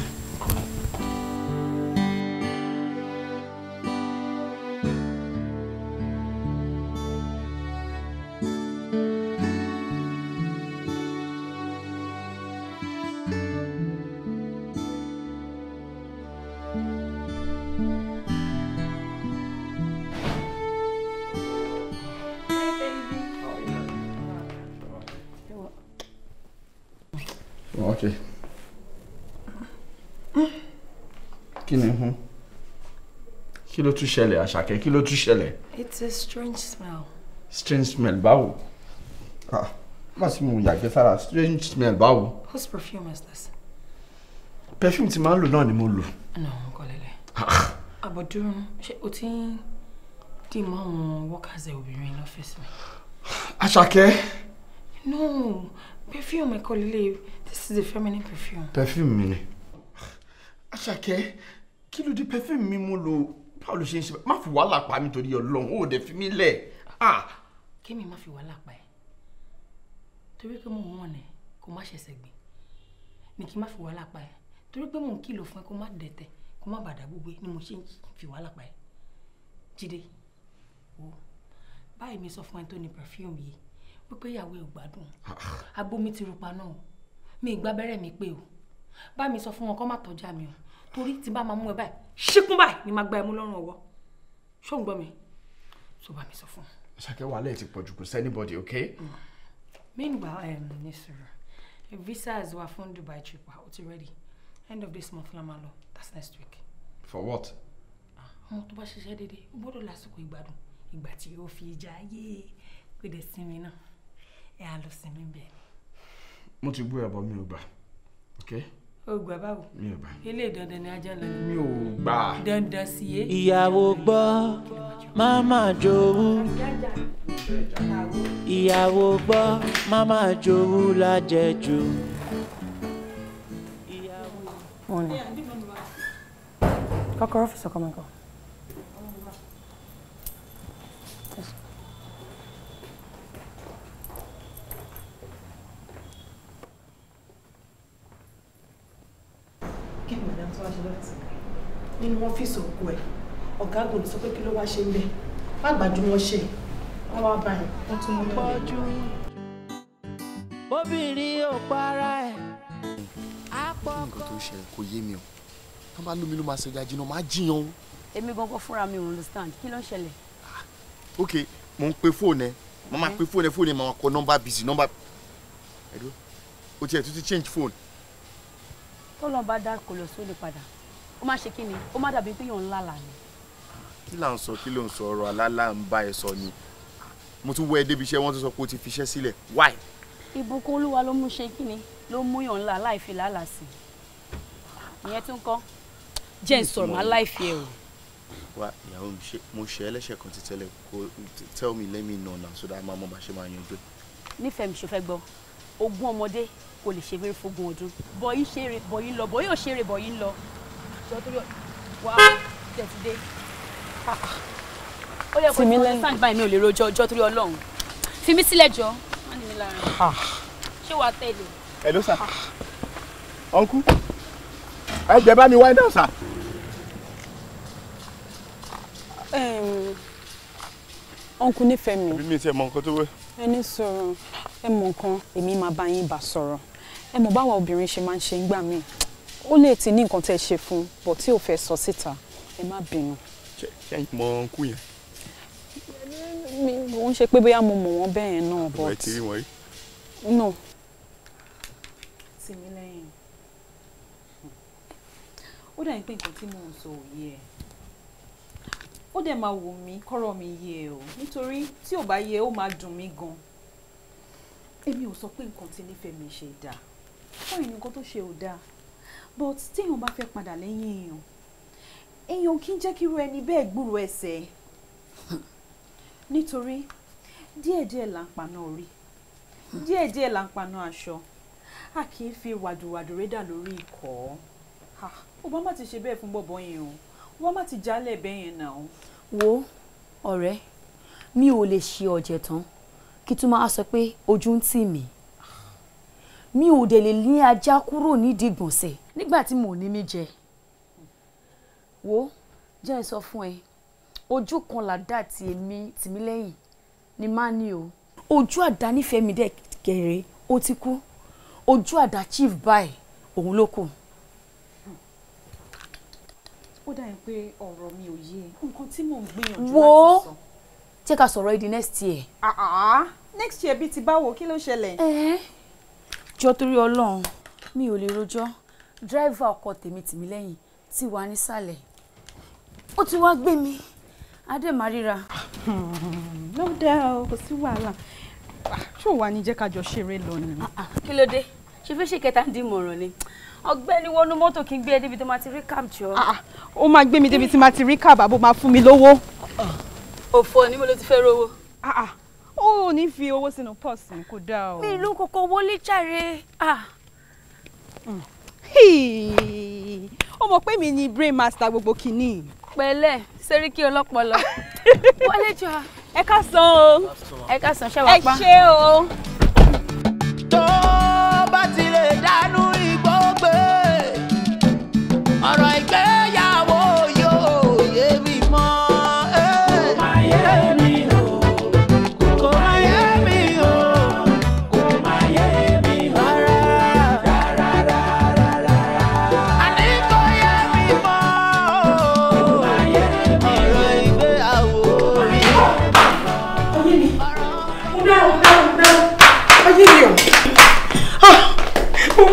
ṣẹlẹ̀ àṣàkẹ́ kí ló tún ṣẹlẹ̀. it's a strange smell. strange smell báwo ah, má sì mú yàgbẹ́ sára strange smell báwo. whose perfume is this. perfume tí máa ń lò náà ni mo lò. no n kò lélẹ̀. Ah. àbọ̀dún ṣé o ti ń dì mọ́ àwọn workers ẹ̀ obìnrin lọ́fíìsì mi. àṣàkẹ́. no perfume ẹ̀kọ́ lélẹ̀ this is a feminine perfume. perfume mi ni. Ah, àṣàkẹ́ kí ló dé perfume mi mo lò báwo ló ṣe ń ṣe má fi wàhálà pa mi torí Ọlọ́run ó dẹ fi mí lẹ̀. kémi má fi wàhálà pa ẹ torí pé mò ń wọ̀n ẹ kó má ṣẹ̀ṣẹ̀ gbìn ni kí n má fi wàhálà pa ẹ torí pé mò ń kìlọ̀ fún ẹ kó má dẹ̀tẹ̀ kó má bàdà gbogbo ni mo ṣe ń fi wàhálà pa ẹ Jídé o báyìí mi sọ fún ẹ tó ní perfume yìí wípé ìyàwó ẹ ò gbádùn ah. agbo mi ti rúpa náà mi ì gbábẹ́rẹ́ mi pé o bá mi sọ fún wọn kó má tọ́jà mi o torí tí bá máa mú ẹ báyìí ṣíkún báyìí ni máa gba ẹ lọ́rùn ọwọ́ ṣóun gbọ́ mi tó bá mi sọ fún un. ṣàkẹ́ wàhálà ẹ̀ ti pọ̀ jù kò sí anybody okay. Mm. meanwhile um, ní sọ̀rọ̀ visas wà fún Dubai trip wa ó ti ready end of this month la máa lọ that's next week. for what. Ah, ọmọ tó bá ṣiṣẹ́ dédé ó gbọ́dọ̀ lásìkò ìgbádùn ìgbà tí yóò fi ìjà ayé pé sinmi náà ẹ̀ á lọ sinmi bẹ́ẹ̀. mo ti gbé ẹbọ mi ò gbà okay o gbà báwo ilé dandan ni ajá lọ. mi ò gbà. dandan sí e. ìyàwó gbọ́ máma jowú ìyàwó gbọ́ máma jowú lájẹjù. kọ́kọ́rọ́ fi sọ́kọ́ mi kọ́. nínú ọ́fíìsì òkú ẹ̀ ọ̀gágun ní sọ pé kí ló wá ṣe ń bẹ̀ má gbàjúmọ̀ ṣe wọ́n wá báyìí wọ́n tún mú pọ́jú. obìnrin ò para ẹ̀. nǹkan tó ṣẹlẹ̀ kò yé mi o tó bá lómi ló máa ṣe ìdajì náà máa jiyàn o. èmi gangan fúnra mi ò understand kí ló ń ṣẹlẹ̀. Ah, ok mo ń pe fóònù ẹ mo máa pe fóònù ẹ fóònù ẹ máa kọ nọ́mbà bìsì nọ́mbà o tiẹ̀ tún ti change phone. tó lọ́n bá dá kò padà ó má ṣe kí ni ó má dàbí pé yàn ń lálàá ni. kí là ń sọ kí ló ń sọ ọ̀rọ̀ alálà ń bá ẹ sọ ni mo tún wọ ẹ débi iṣẹ́ wọn tún sọ pé o ti fiṣẹ́ sílẹ̀ why. ìbùkún olúwa ló mú ṣe kí ni ló mú yàn ńlá láìfi lálàá sí ìyẹn tún kọ́ jẹ́ ń sọ̀rọ̀ máa láìfi ẹ̀ o. wa ìyàwó mo ṣe ẹlẹ́ṣẹ̀ kan ti tẹ́lẹ̀ kó tell me let me know now so that a máa mọ bá ṣe máa yanjú ẹ̀. nífẹ̀ẹ́ mi ṣe gbọ́ ogún ọmọdé kò lè ṣe fẹ́rẹ́ fógun ọdún bọ̀yì ṣeré bọ̀yì ń lọ bọ̀yì ò ṣeré bọ̀yì ń lọ jọ torí wa tẹ̀sídé ó yẹ kó tó sáà báyìí mi ò lè rojọ́ ọjọ́ torí ọlọ́run fi mí sílẹ̀ jọ má ní mi lára ṣé wàá tẹ̀lé. ẹ ló sà ọ̀nkú ẹ jẹ bá mi wáyé náà sà. ọ̀nkú nífẹ̀ẹ́ mi. àbí mi ti ẹ̀ mọ nǹkan tó wẹ̀. ẹni sọ̀rọ̀ ẹ mọ nǹkan èmi máa bá yín bá sọ̀rọ̀ ẹ mọ̀ báwa obìnrin ṣe máa ń ṣe ń gbà míì o lè ti ní nǹkan tẹ́ ẹ ṣe fún bọ̀ tí ò fẹ́ sọ síta ẹ má bínú. ṣe ṣe mọ nkú yẹn. mi ò ń ṣe pé bóyá mo mọ̀ wọ́n bẹ́ẹ̀ yẹn náà but. ọ̀rẹ́ ti rí wọn rí. no. tì mí lẹ́yìn ó dà ní pé nǹkan tí mò ń sọ òye ẹ̀ ó dẹ̀ máa wù mí kọ́rọ̀ mi yé e o nítorí tí ò bá yé ó máa dùn mí gan èmi ò sọ pé nǹkan tí nífẹ̀ẹ́ mi ṣe dáa fún ìnìkan tó ṣe ò dáa but téèyàn bá fẹ́ padà lẹ́yìn èèyàn èèyàn kì í jẹ́ kí irú ẹni bẹ́ẹ̀ gbúrò ẹsẹ̀ nítorí díẹ̀díẹ̀ là ń paná orí díẹ̀díẹ̀ là ń paná aṣọ a kì í fi wàdùwàdù rédà lórí ikọ̀ ó bá má ti ṣe bẹ́ẹ̀ fún bọ̀bọ̀ yẹn o wọ́n má ti jálẹ̀ bẹ́ẹ̀ yẹn náà. wo ọ̀rẹ́ mi ò lè ṣe ọ̀jẹ̀ tán kí tún máa sọ pé ojú ń tì mí mi ò dẹ̀ lè lé ajá kúrò nídìí gbọ̀nsẹ̀ nígbà tí mo ní mi jẹ wo jẹ́ ẹ sọ fún ẹ ojú kan làdá ti èmi tìmí lẹ́yìn ni má ní o ojú àdá nífẹ̀ẹ́ mi dẹ̀ kẹrẹ ó ti kú ojú àdá chief báyìí òun ló kù. ó dà yín pé ọ̀rọ̀ mi ò yé nǹkan tí mò ń gbìyànjú láti sọ. jẹ́ ká sọ̀rọ̀ ẹ̀ next year. Ah, ah, ah. next year bíi ti báwo kí ló ṣẹlẹ̀ jọ torí Ọlọ́run mi ò lè rojọ́ dírẹ́fà ọkọ tèmi tìmí lẹ́yìn ti wà nísàlẹ̀ ó ti wá gbé mi adémarira. ló dáa o kò sí wàhálà ṣó wàá ní jẹ́ ká jọ ṣeré lọ ni. Ah, ah, kí ló dé ṣe fẹ́ ṣe kẹta ń di ìmọ̀ràn ni ọ̀gbẹ́ni wọnú mọ́tò kí n gbé ẹ débi tó máa ti rí cab jọ. Ah, ó máa gbé mi débi tí máa ti rí cab àbó máa fún mi lówó. òfò ni mo ló ti fẹ́ rówó ó ò ní fi owó sínú pọ́ọ̀sì mi kò dáa o. mi ìlú kòkó wọlé jàre. Ah. Hmm. ó mọ̀ pé mi ni brain master gbogbo kìíní. pẹ̀lẹ́ sẹ́ríkì ọlọ́pọlọ wọlé jọ. ẹ ká san o. ẹ ká san ṣẹ́wàá pa. ẹ ṣé o. tó bá ti lè dánú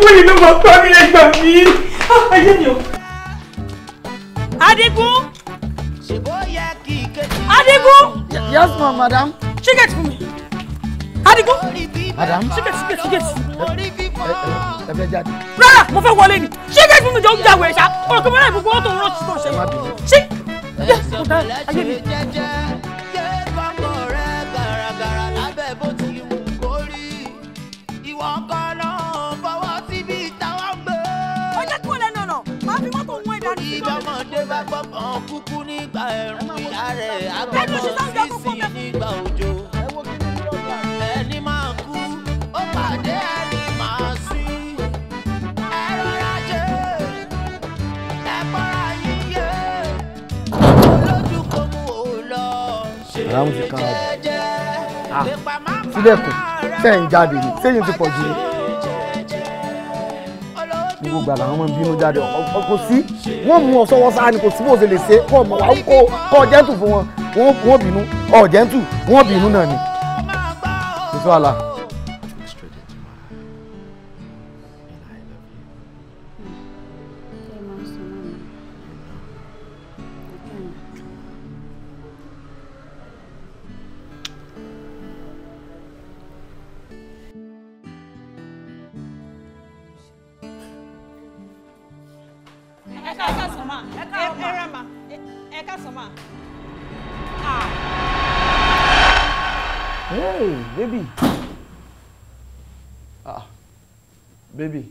fún yìí ló máa ẹgbà mí ayé mi o. Adigun. Adigun. Yes ma'am. madam. Ticket for me. Adigun. Madam. Ticket ticket ticket. Ẹ fẹ́ jáde. Rárá mo fẹ́ wọlé ni. Ticket fún mi jọ ń jà wẹ̀ ṣá. Ọ̀rọ̀ kí wọ́n rẹ̀ gbogbo ọ̀tọ̀ ń rọ̀ sí ọ̀ṣẹ̀. Ṣé ayé mi. bọ́mọdé bá gbọ́kàn kúkú nígbà ẹ̀rùn ìyá rẹ̀ agbọ́mọ sísì nígbà òjò. ẹni máa kú ó pàdé ẹni máa sí. ẹ rọra jẹ ẹ yé olójú kò mú o lọ. ṣe lè pa máa bá rẹ. sílẹ̀kùn sẹ́yìn jáde ni sẹ́yìn ti pọ̀ jù ni gbogbo gbà làwọn ọmọ bínú jáde ọkọ kò sí wọn mú ọ sọwọ sáà ni kò sí bó ṣe lè ṣe kọ ọmọ wa kọ kọ jẹntù fún wọn wọn bínú ọ jẹntù wọn bínú náà ni. ìṣọ́ àlà. Ah, baby.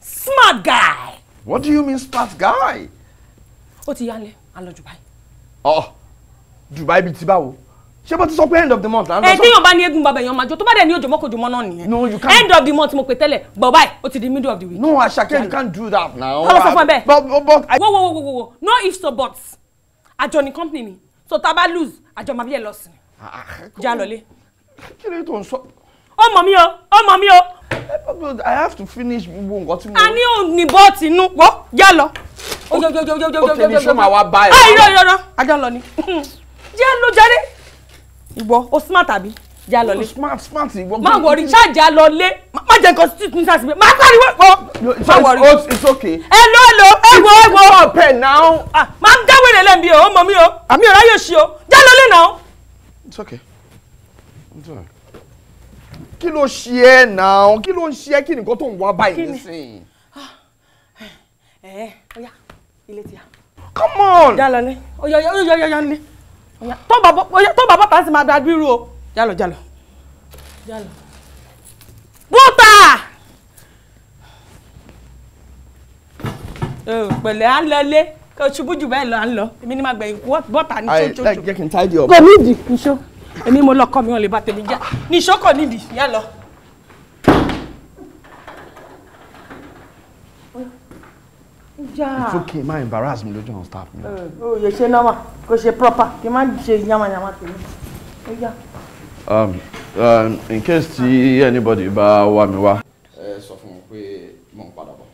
Smart guy. What do you mean smart guy? Ó ti yálé, a Dubai. Oh, Dubai bíi ti báwo? ṣé bó ti sọ pé end of the month. ẹ eh, téèyàn bá ní eégún bàbá èèyàn máa jó tó bá dẹ̀ ní òjòmọ́ kò jòmọ́ náà nìyẹn. no you can't. end of the month mo pe tẹ́lẹ̀ but báyìí ó ti di middle of the week. no Àṣàkẹ́ you can't do that now. kọ́ ló sọ fún ẹ bẹ́ẹ̀. but but I. wo wo wo wo wo no ifs or buts àjọ ni company ni so tá bá lose àjọ máa bí ẹ lọ sí. Ah, ah, jà lọlé. kí ló tó ń sọ ọmọ mi o ọmọ mi o. I have to finish gbogbo nǹkan tí mo. a ní òyìnbó tinú wọ́ yá lọ. ó tẹni sọ́mà wa bá ẹ̀. ayọ̀ ayọ̀ ayọ̀ ajá lọ ni jẹ́ hmm. ló jáde ìwọ o smart àbí já lọ lé. smart smart ìwọ. má wọrí ṣáàjà lọ lé má jẹ nǹkan tí tún sàṣìbẹ má pariwo pọ. má wọrí it's okay. ẹ ló lo ẹwọ ẹwọ. it's not pen now. Ah, máa ń dáwọ́ èrè lẹ́nu bí o ó mọ̀ mí o àmì ọ̀rá yóò ṣe o já lọ lé náà. it's okay. It's all kí ló ṣe ẹ́ náà kí ló ń ṣe ẹ́ kí nìkan tó ń wá báyìí nísìnyí. ẹ ẹ ọya ilé ti yá. come on. jálọ lẹ ọya ọya ọya ọya ọya tó bàbá pàṣẹ máa dábí rú o jálọ jálọ bùtà. pẹ̀lẹ́ à ń lọ ilé ṣubú jù bẹ́ẹ̀ lọ à ń lọ èmi ni màá gbẹ̀yìn bọ́tà ní ṣoṣoṣo. jẹ́ kí n tidy up. kò ìdí iṣó èmi mo lọ́kọ mi wọn lè bá tèmi já ní ìṣókò nídìí yá lọ. it's okay má embarrass mi lójú àwọn staff mi. o yẹ ṣe normal kò ṣe proper kì í má ṣe yamayama tèmi. Um, um, in case ti anybody bá wá mi wá. ẹ sọ fún mi pé mo ń padà bọ̀.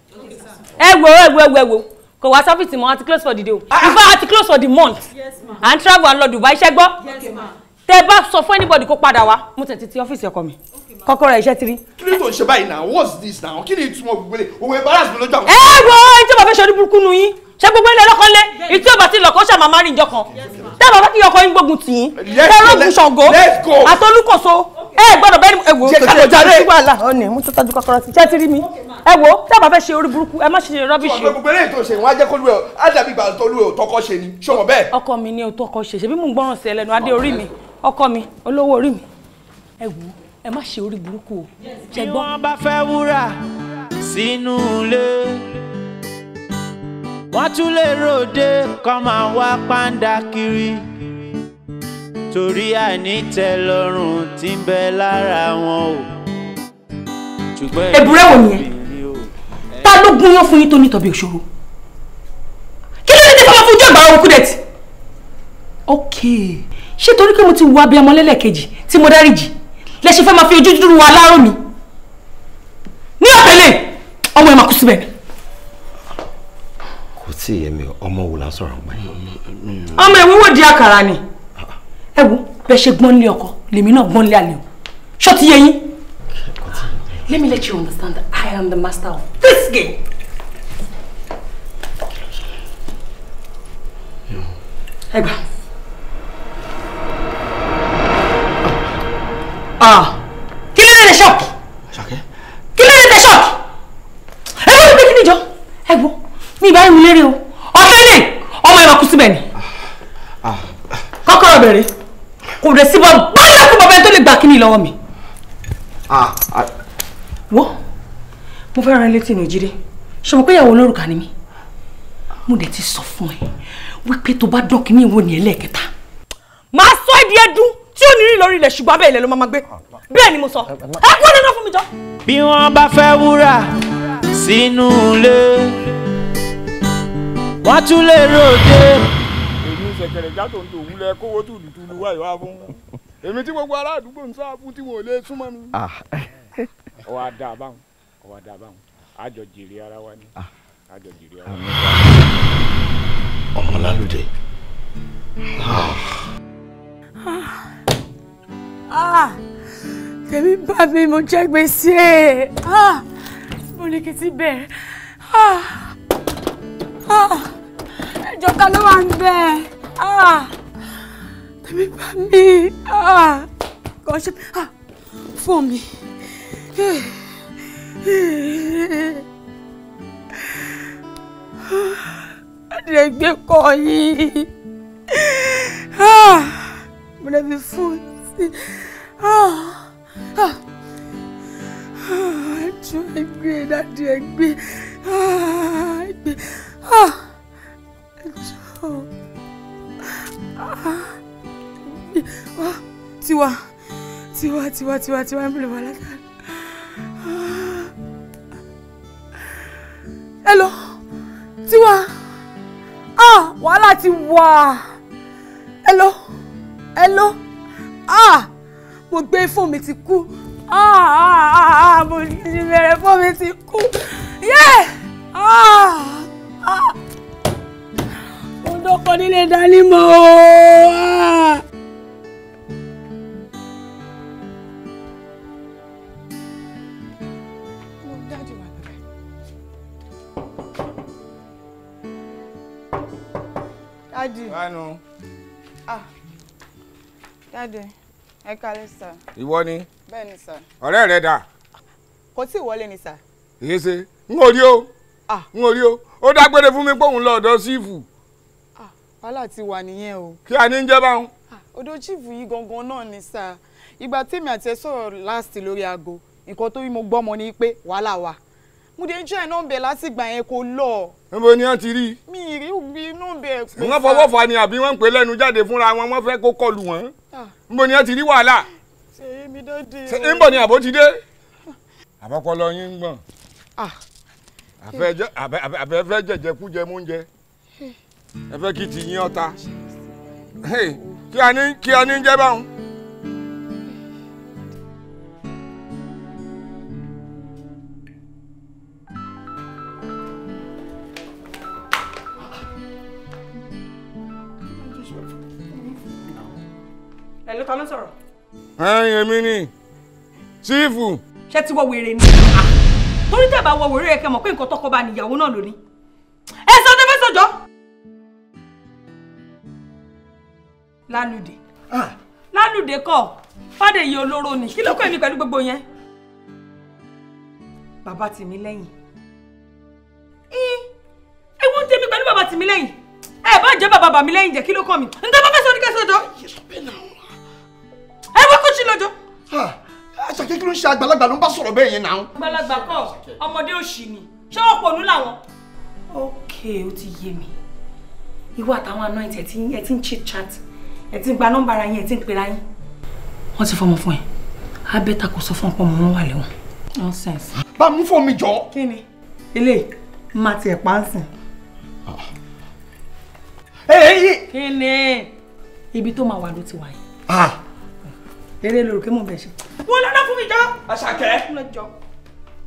ẹ wo ẹ wo ẹ wo ẹ wo kò wá sọ́fíìsì mọ́ àti close for the day o. I fact àti close for the month. Yes, à ń travel à ń lọ Yes, ma tẹ bá sọ fún anybody kó padà wá mo tẹ̀ títí ọ́fíìsì ọkọ mi kọ́kọ́rọ́ iṣẹ́ ti rí. kí ni tó ń ṣe báyìí náà what's this now kí ni ìtumọ̀ gbogbo ilé òwe balance mi lójú àwọn. ẹ wo ẹni tí o bá fẹ́ ṣe oníburúkú nu yín ṣé gbogbo ilé ọlọ́kan lé ìtí ò bá ti lọ́kọ́ ṣàmà máa rìn ìjọ kan tẹ́ bàbá kí ọkọ yín gbógun tì yín tẹ́ rọ́ọ̀gùn ṣàngó àtolúkòso ẹ gbọ́dọ̀ bẹ́ẹ̀ ni ẹ wo kàlẹ́ sí wàhálà ọ̀nì mo tó tọ́jú kọ́kọ́rọ́ sí jẹ́ ti rí mi ẹ wo tẹ́ bàbá fẹ́ ṣe orí burúkú ẹ má ṣe rọ́bìṣì. gbogbo eré ètò ìṣègùn ajẹ́ kó lu ẹ̀ á dàbí ìgbà tó lu ẹ̀ ò tọkọ ṣe ni ṣọmọ bẹ́ẹ̀. ọkọ mi ni ò tọkọ ṣe ṣe bí mò ń gbọ́ràn sí ẹlẹ́nu adé orí mi ọkọ mi olówó orí mi ẹ wù ú ẹ má ṣe orí burúkú o ṣe gbọ́. bí wọ́n bá fẹ́ wúrà sínú ilé wọ́n tún lè ròde kọ́ máa wá pàǹdà kiri torí àìnítẹ́lọ́rùn tí ń bẹ lára wọn o. èbúrẹ́ wo nìyẹn ta ló gún yán fún yín tó nítọ́bi òṣòro kí ló dé tí wọ́n fún jọba òkú dẹ̀ tì. okay ṣé torí pé mo ti wo abiyamọ lẹ́lẹ́kejì tí mo dáríjì lẹ ṣe fẹ́ máa fi ojú dúdú wa láàárọ̀ mi ní ọ̀tẹ̀lẹ̀ ọmọ ẹ̀ máa kú síbẹ̀. kò tí ì yẹ mi ọmọ wò lásán ọ̀rọ̀ pa ẹ̀. ọmọ ìwúwo di àkàrà ni ẹ wo bẹ́ẹ̀ ṣe gbọ́n lé ọkọ lèmi náà gbọ́n lé àlè o ṣó ti yẹ yín. Let me let you understand that I am the master of this game. Ẹgbàá. Ah, ló dé dé ṣọ́ọ̀kì kí ló dé dé ṣọ́ọ̀kì ẹ bá rí pé kí ni ìjọ ẹ gbọ́ ní ìbá ìwú lérè o ọ̀tọ́ ilé ọmọ ẹ̀ máa kú síbẹ̀ ni ah. Ah. kọ́kọ́rọ́ bẹ̀rẹ̀ kò rẹ̀ síbọ̀ gbọ́dọ̀ kú bàbá ẹni tó lè gbà kí ni lọ́wọ́ mi. Ah. wo mo fẹ́ ran létí nàìjíríà ṣe mo pé ìyàwó olórùka ni mi mo dẹ̀ ti sọ fún ẹ wípé tó bá dán kínní ìwọ ni ẹlẹ́ẹ̀kẹta máa sọ ibi ẹdún tí ò ní rí lórí ilẹ̀ ṣùgbọ́n abẹ́ ilẹ̀ ló máa gbé bẹ́ẹ̀ ni mo sọ ẹ kú ọdún náà fún mi jọ. bí wọ́n bá fẹ́ wúrà sínú ilé wọ́n tún lè ròde. èmi ṣẹ̀kẹ̀rẹ̀ játò ń tò wúlẹ̀ kówó tùlù tùlù wáyé wá fún èmi tí gbogbo ará ń sá fún tí wọn ò lè súnmọ́ mi. Ah. ọwọ́ adá báwọn ọwọ́ adá báwọn àjọ jèrè ara wa ni àjọ ah. jèrè ara wa ni. bá mi mo jẹ́ gbèsè ah, mo ní kí n ti bẹ̀rẹ̀ ah, ah, ẹjọ́ ta ló wà ń bẹ̀ tèmi bá mi kò ṣe fún mi. Adìrẹ gbé kọ yìí. Mo lè fi fún un sí jọ ẹgbẹ́ dáadé ah, ẹgbẹ́ ah, ẹgbẹ́ ah, ẹjọ́ ẹgbẹ́ wá tiwa tiwa tiwa tiwa tiwa ń bèrè wà látàrí. Hello tiwa ah wàhálà ti wà hello hello ah mo gbé fóònù mi ti kú. Ah, ah, ah, mo ti bẹ̀rẹ̀ fún mi ti kú mo dọ́kọ nílé dání mọ́ o. Daddy. Bánu. Ah, Daddy ẹ kálẹ́ sà. ìwọ ni. bẹ́ẹ̀ ni sà. ọ̀rẹ́ rẹ dà. kò tí ì wọlé ni sà. èyí ṣe n ò rí o ah. n ò rí o ó dágbére fún mi pé òun lọ ọ̀dọ̀ sífù. Ah, wàhálà ti wà nìyẹn o. kí a ní í jẹ́ báwọn. Ah, ọ̀dọ̀ sífù yìí gangan náà ni sà ìgbà tèmi àti ẹ sọ̀rọ̀ láàsì lórí aago nǹkan tó rí mo gbọ́ mọ́ ni pé wàhálà wà mo dé jẹ́ nọ́ọ̀bẹ̀ láti gbà yẹn kó lọ. níbo ni wọ́n ti rí. mi ì rí òbí nọ́ọ̀bẹ̀ pé. wọ́n fọwọ́ fà ni àbí wọ́n ń pè lẹ́nu jáde fúnra wọn wọ́n fẹ́ kó kọlù wọn nbọ ni ẹ ti rí wàhálà ṣèyí mi ló dé o nbọ ni àbó ti dé àbọ̀pọ̀lọ yín ń gbọ̀n àfẹ́fẹ́ ah. jẹ̀jẹ̀ kú jẹ mú oúnjẹ ẹ fẹ́ kí ti yín ọ̀ta kí a ní jẹ́ báwọn. ta ló ń sọ̀rọ̀. ẹyin èmi ni sífù. ṣé tí wọ́n wèrè ni torí tẹ̀ bá wọ wèrè ẹ̀kẹ́ mọ̀ pé nǹkan tọkọ bá níyàwó náà lónìí. ẹ sọ tẹ́ fẹ́ sọ̀jọ́. lálùdé lálùdé kọ fàdèyí olóró ni kí ló kọ́ èmi pẹ̀lú gbogbo yẹn. bàbá tèmi lẹ́yìn ewu ń tèmi pẹ̀lú bàbá tèmi lẹ́yìn ẹ bá jẹ́ bàbá bàmí lẹ́yìn jẹ́ kí ló kọ́ mi ntẹ́ bá fẹ́ sọ ní kẹ́sọ̀jọ́ jọ. àṣàkẹ́ kí ló ń ṣe àgbàlagbà ló ń bá sọ̀rọ̀ bẹ́ẹ̀ yẹn náà. àgbàlagbà kọ́ ọmọdé òṣì ni ṣé òpònú làwọn. okay ó ti yé mi ìwọ àtàwọn àna ẹ̀ tí ẹ ti ń chit chat ẹ ti ń gba nọ́mbà ara yín ẹ ti ń pera yín. wọ́n ti fọmọ fún ẹ á bẹ́tà kó sọ fún ọ̀pọ̀ mọ́ wà lẹ́wọ̀n. nonsense. bá a mú fún mi jọ. kí ni eléyìí má tiẹ̀ pa á sìn. Ah. Eh, eh, eh. kí ni ibi tó máa wà ló ti wà yìí. Ah eré lóru kí mò ń bẹ̀ ṣe. wọ́n lọ́nà fún mi jọ. àṣàkẹ́.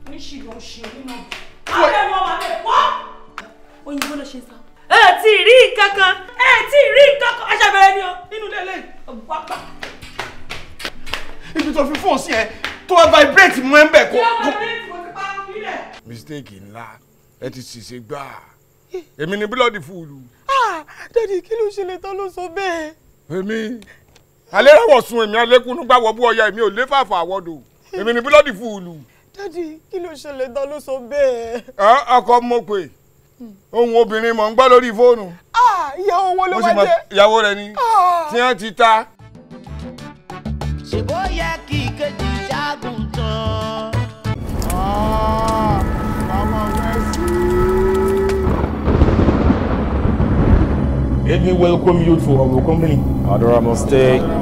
oníṣìlò ń ṣe nínú. àbẹ̀ wọn wà lẹ̀ wọ́. òyìnbó ló ṣe sá. ẹ ti rí nǹkan kan ẹ ti rí nǹkan kan aṣàbẹ̀rẹ̀ ni o nínú lẹ́lẹ̀ ọ̀gbọ́gbà. ibi tó fi fóònù sí ẹ tó wá vibrate mọ́ ẹ ń bẹ̀ kó. mistake ńlá ẹ ti ṣìṣe gbà èmi ni búlọ́ọ̀dì fúlù. ah dadi kí ló ṣẹlẹ̀ tán ló sọ bẹ́ẹ̀. èmi alẹ́ ràwọ̀ sun èmi alẹ́kùnú gbà wọ́ bú ọya èmi ò lé fàfà àwọ̀dò èmi ni búlọ́dì fúlù. dádì kí ló ṣẹlẹ̀ dán ló sọ bẹ́ẹ̀. ẹ ọkọ mo pè ohun obìnrin mọ̀ ń gbọ́ lórí fóònù. ìyàwó wo ló wá ìyàwó rẹ ni tí wọ́n ti ta. ṣèbó yẹ kí ìkejì ṣáàgùn tán. Let me welcome you to our company. Adora must stay.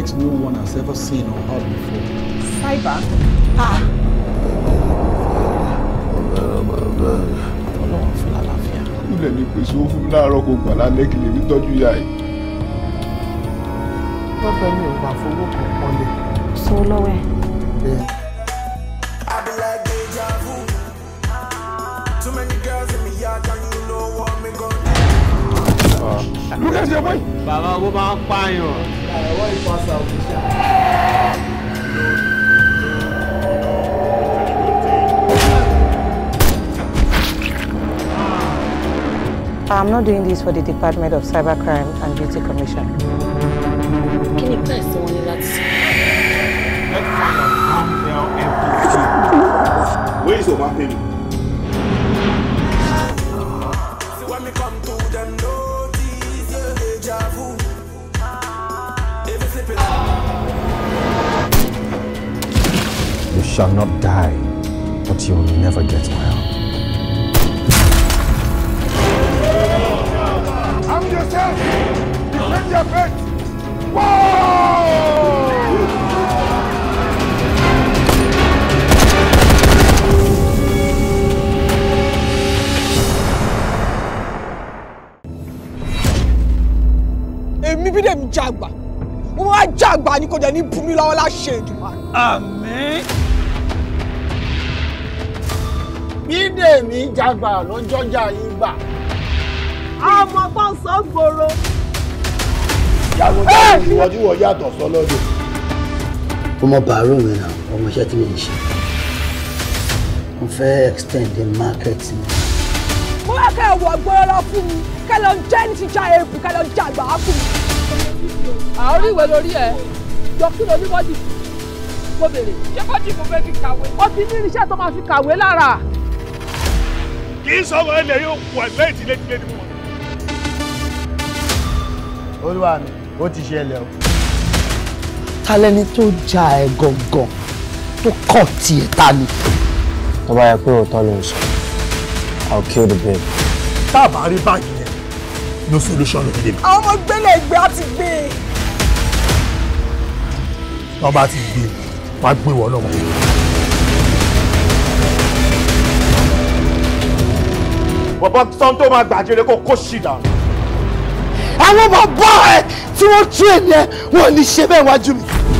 likes no one has ever seen or heard before. Cyber? Ah! Ọlọ́run pèsè owó fún mi láàárọ̀ kò gbà lálẹ́ kí lè tọ́jú ìyá yìí. Lọ́fẹ̀ẹ́ mi ò gbà fowó kan mọ́lẹ̀. Sọ lọ́wọ́ ẹ̀. Ah. Look at your boy. Bàbá owó máa ń pààyàn. why you pass out? I'm not doing this for the Department of Cybercrime and Duty Commission. Can you press someone in that? Let's Where is the one penny? shall not die, but you will never get well. yourself! Defend your faith! Whoa! èmi Bídèmí jàgbà mo máa jàgbà ni kò dẹ̀ ní bùnmi lọ́wọ́ láṣẹ ìdùnnú. àmín. èmi jagbà lọ́jọ́jà yín gbà. ọmọ tó ń sọ gbòòrò. ìyàwó jáde ìwọ́júwọ̀ yàtọ̀ sọlọ́dọ̀. ọmọ bàárù mi náà ọmọ iṣẹ́ tí mi ń ṣe. mo fẹ́ extend the market mi. mo wá kẹ́ ẹ̀ wọ̀ gbọ́dọ̀ lọ fún mi kẹ́ lọ jẹ́ ní ti ja èèpù kẹ́ lọ jagbà á fún mi àárí ìwé lórí ẹ jọ kí ló ní bọ́dì mo bèrè. ṣé bọ́dì mo fẹ́ fi kàwé. ó ti ní irinṣẹ́ tó máa fi kàwé lára kì í sọ̀rọ̀ ilẹ̀ yóò wà lẹ́yìn tí létílé ni mo wà. olúwa mi ó ti ṣẹlẹ̀ o. ta lẹni tó ja ẹ gangan tó kọ̀ tiẹ̀ ta ni. tó bá yẹ pé òótọ́ ló ń sọ I'll kill the babe. tá a bá rí báàgì yẹn no solution ló fi dé mi. àwọn ọmọ gbẹ́lẹ̀ ìgbẹ́ á ti gbé e. wọ́n bá ti gbé e wọ́n gbé ìwọ náà bọ̀bọ̀ sọ́n tó máa gbàjẹrẹ kó kó ṣì dànù. àwọn bàbá ẹ tí wọ́n tún ẹ̀ ní ẹ ní ṣe bẹ́ẹ̀ wájú mi.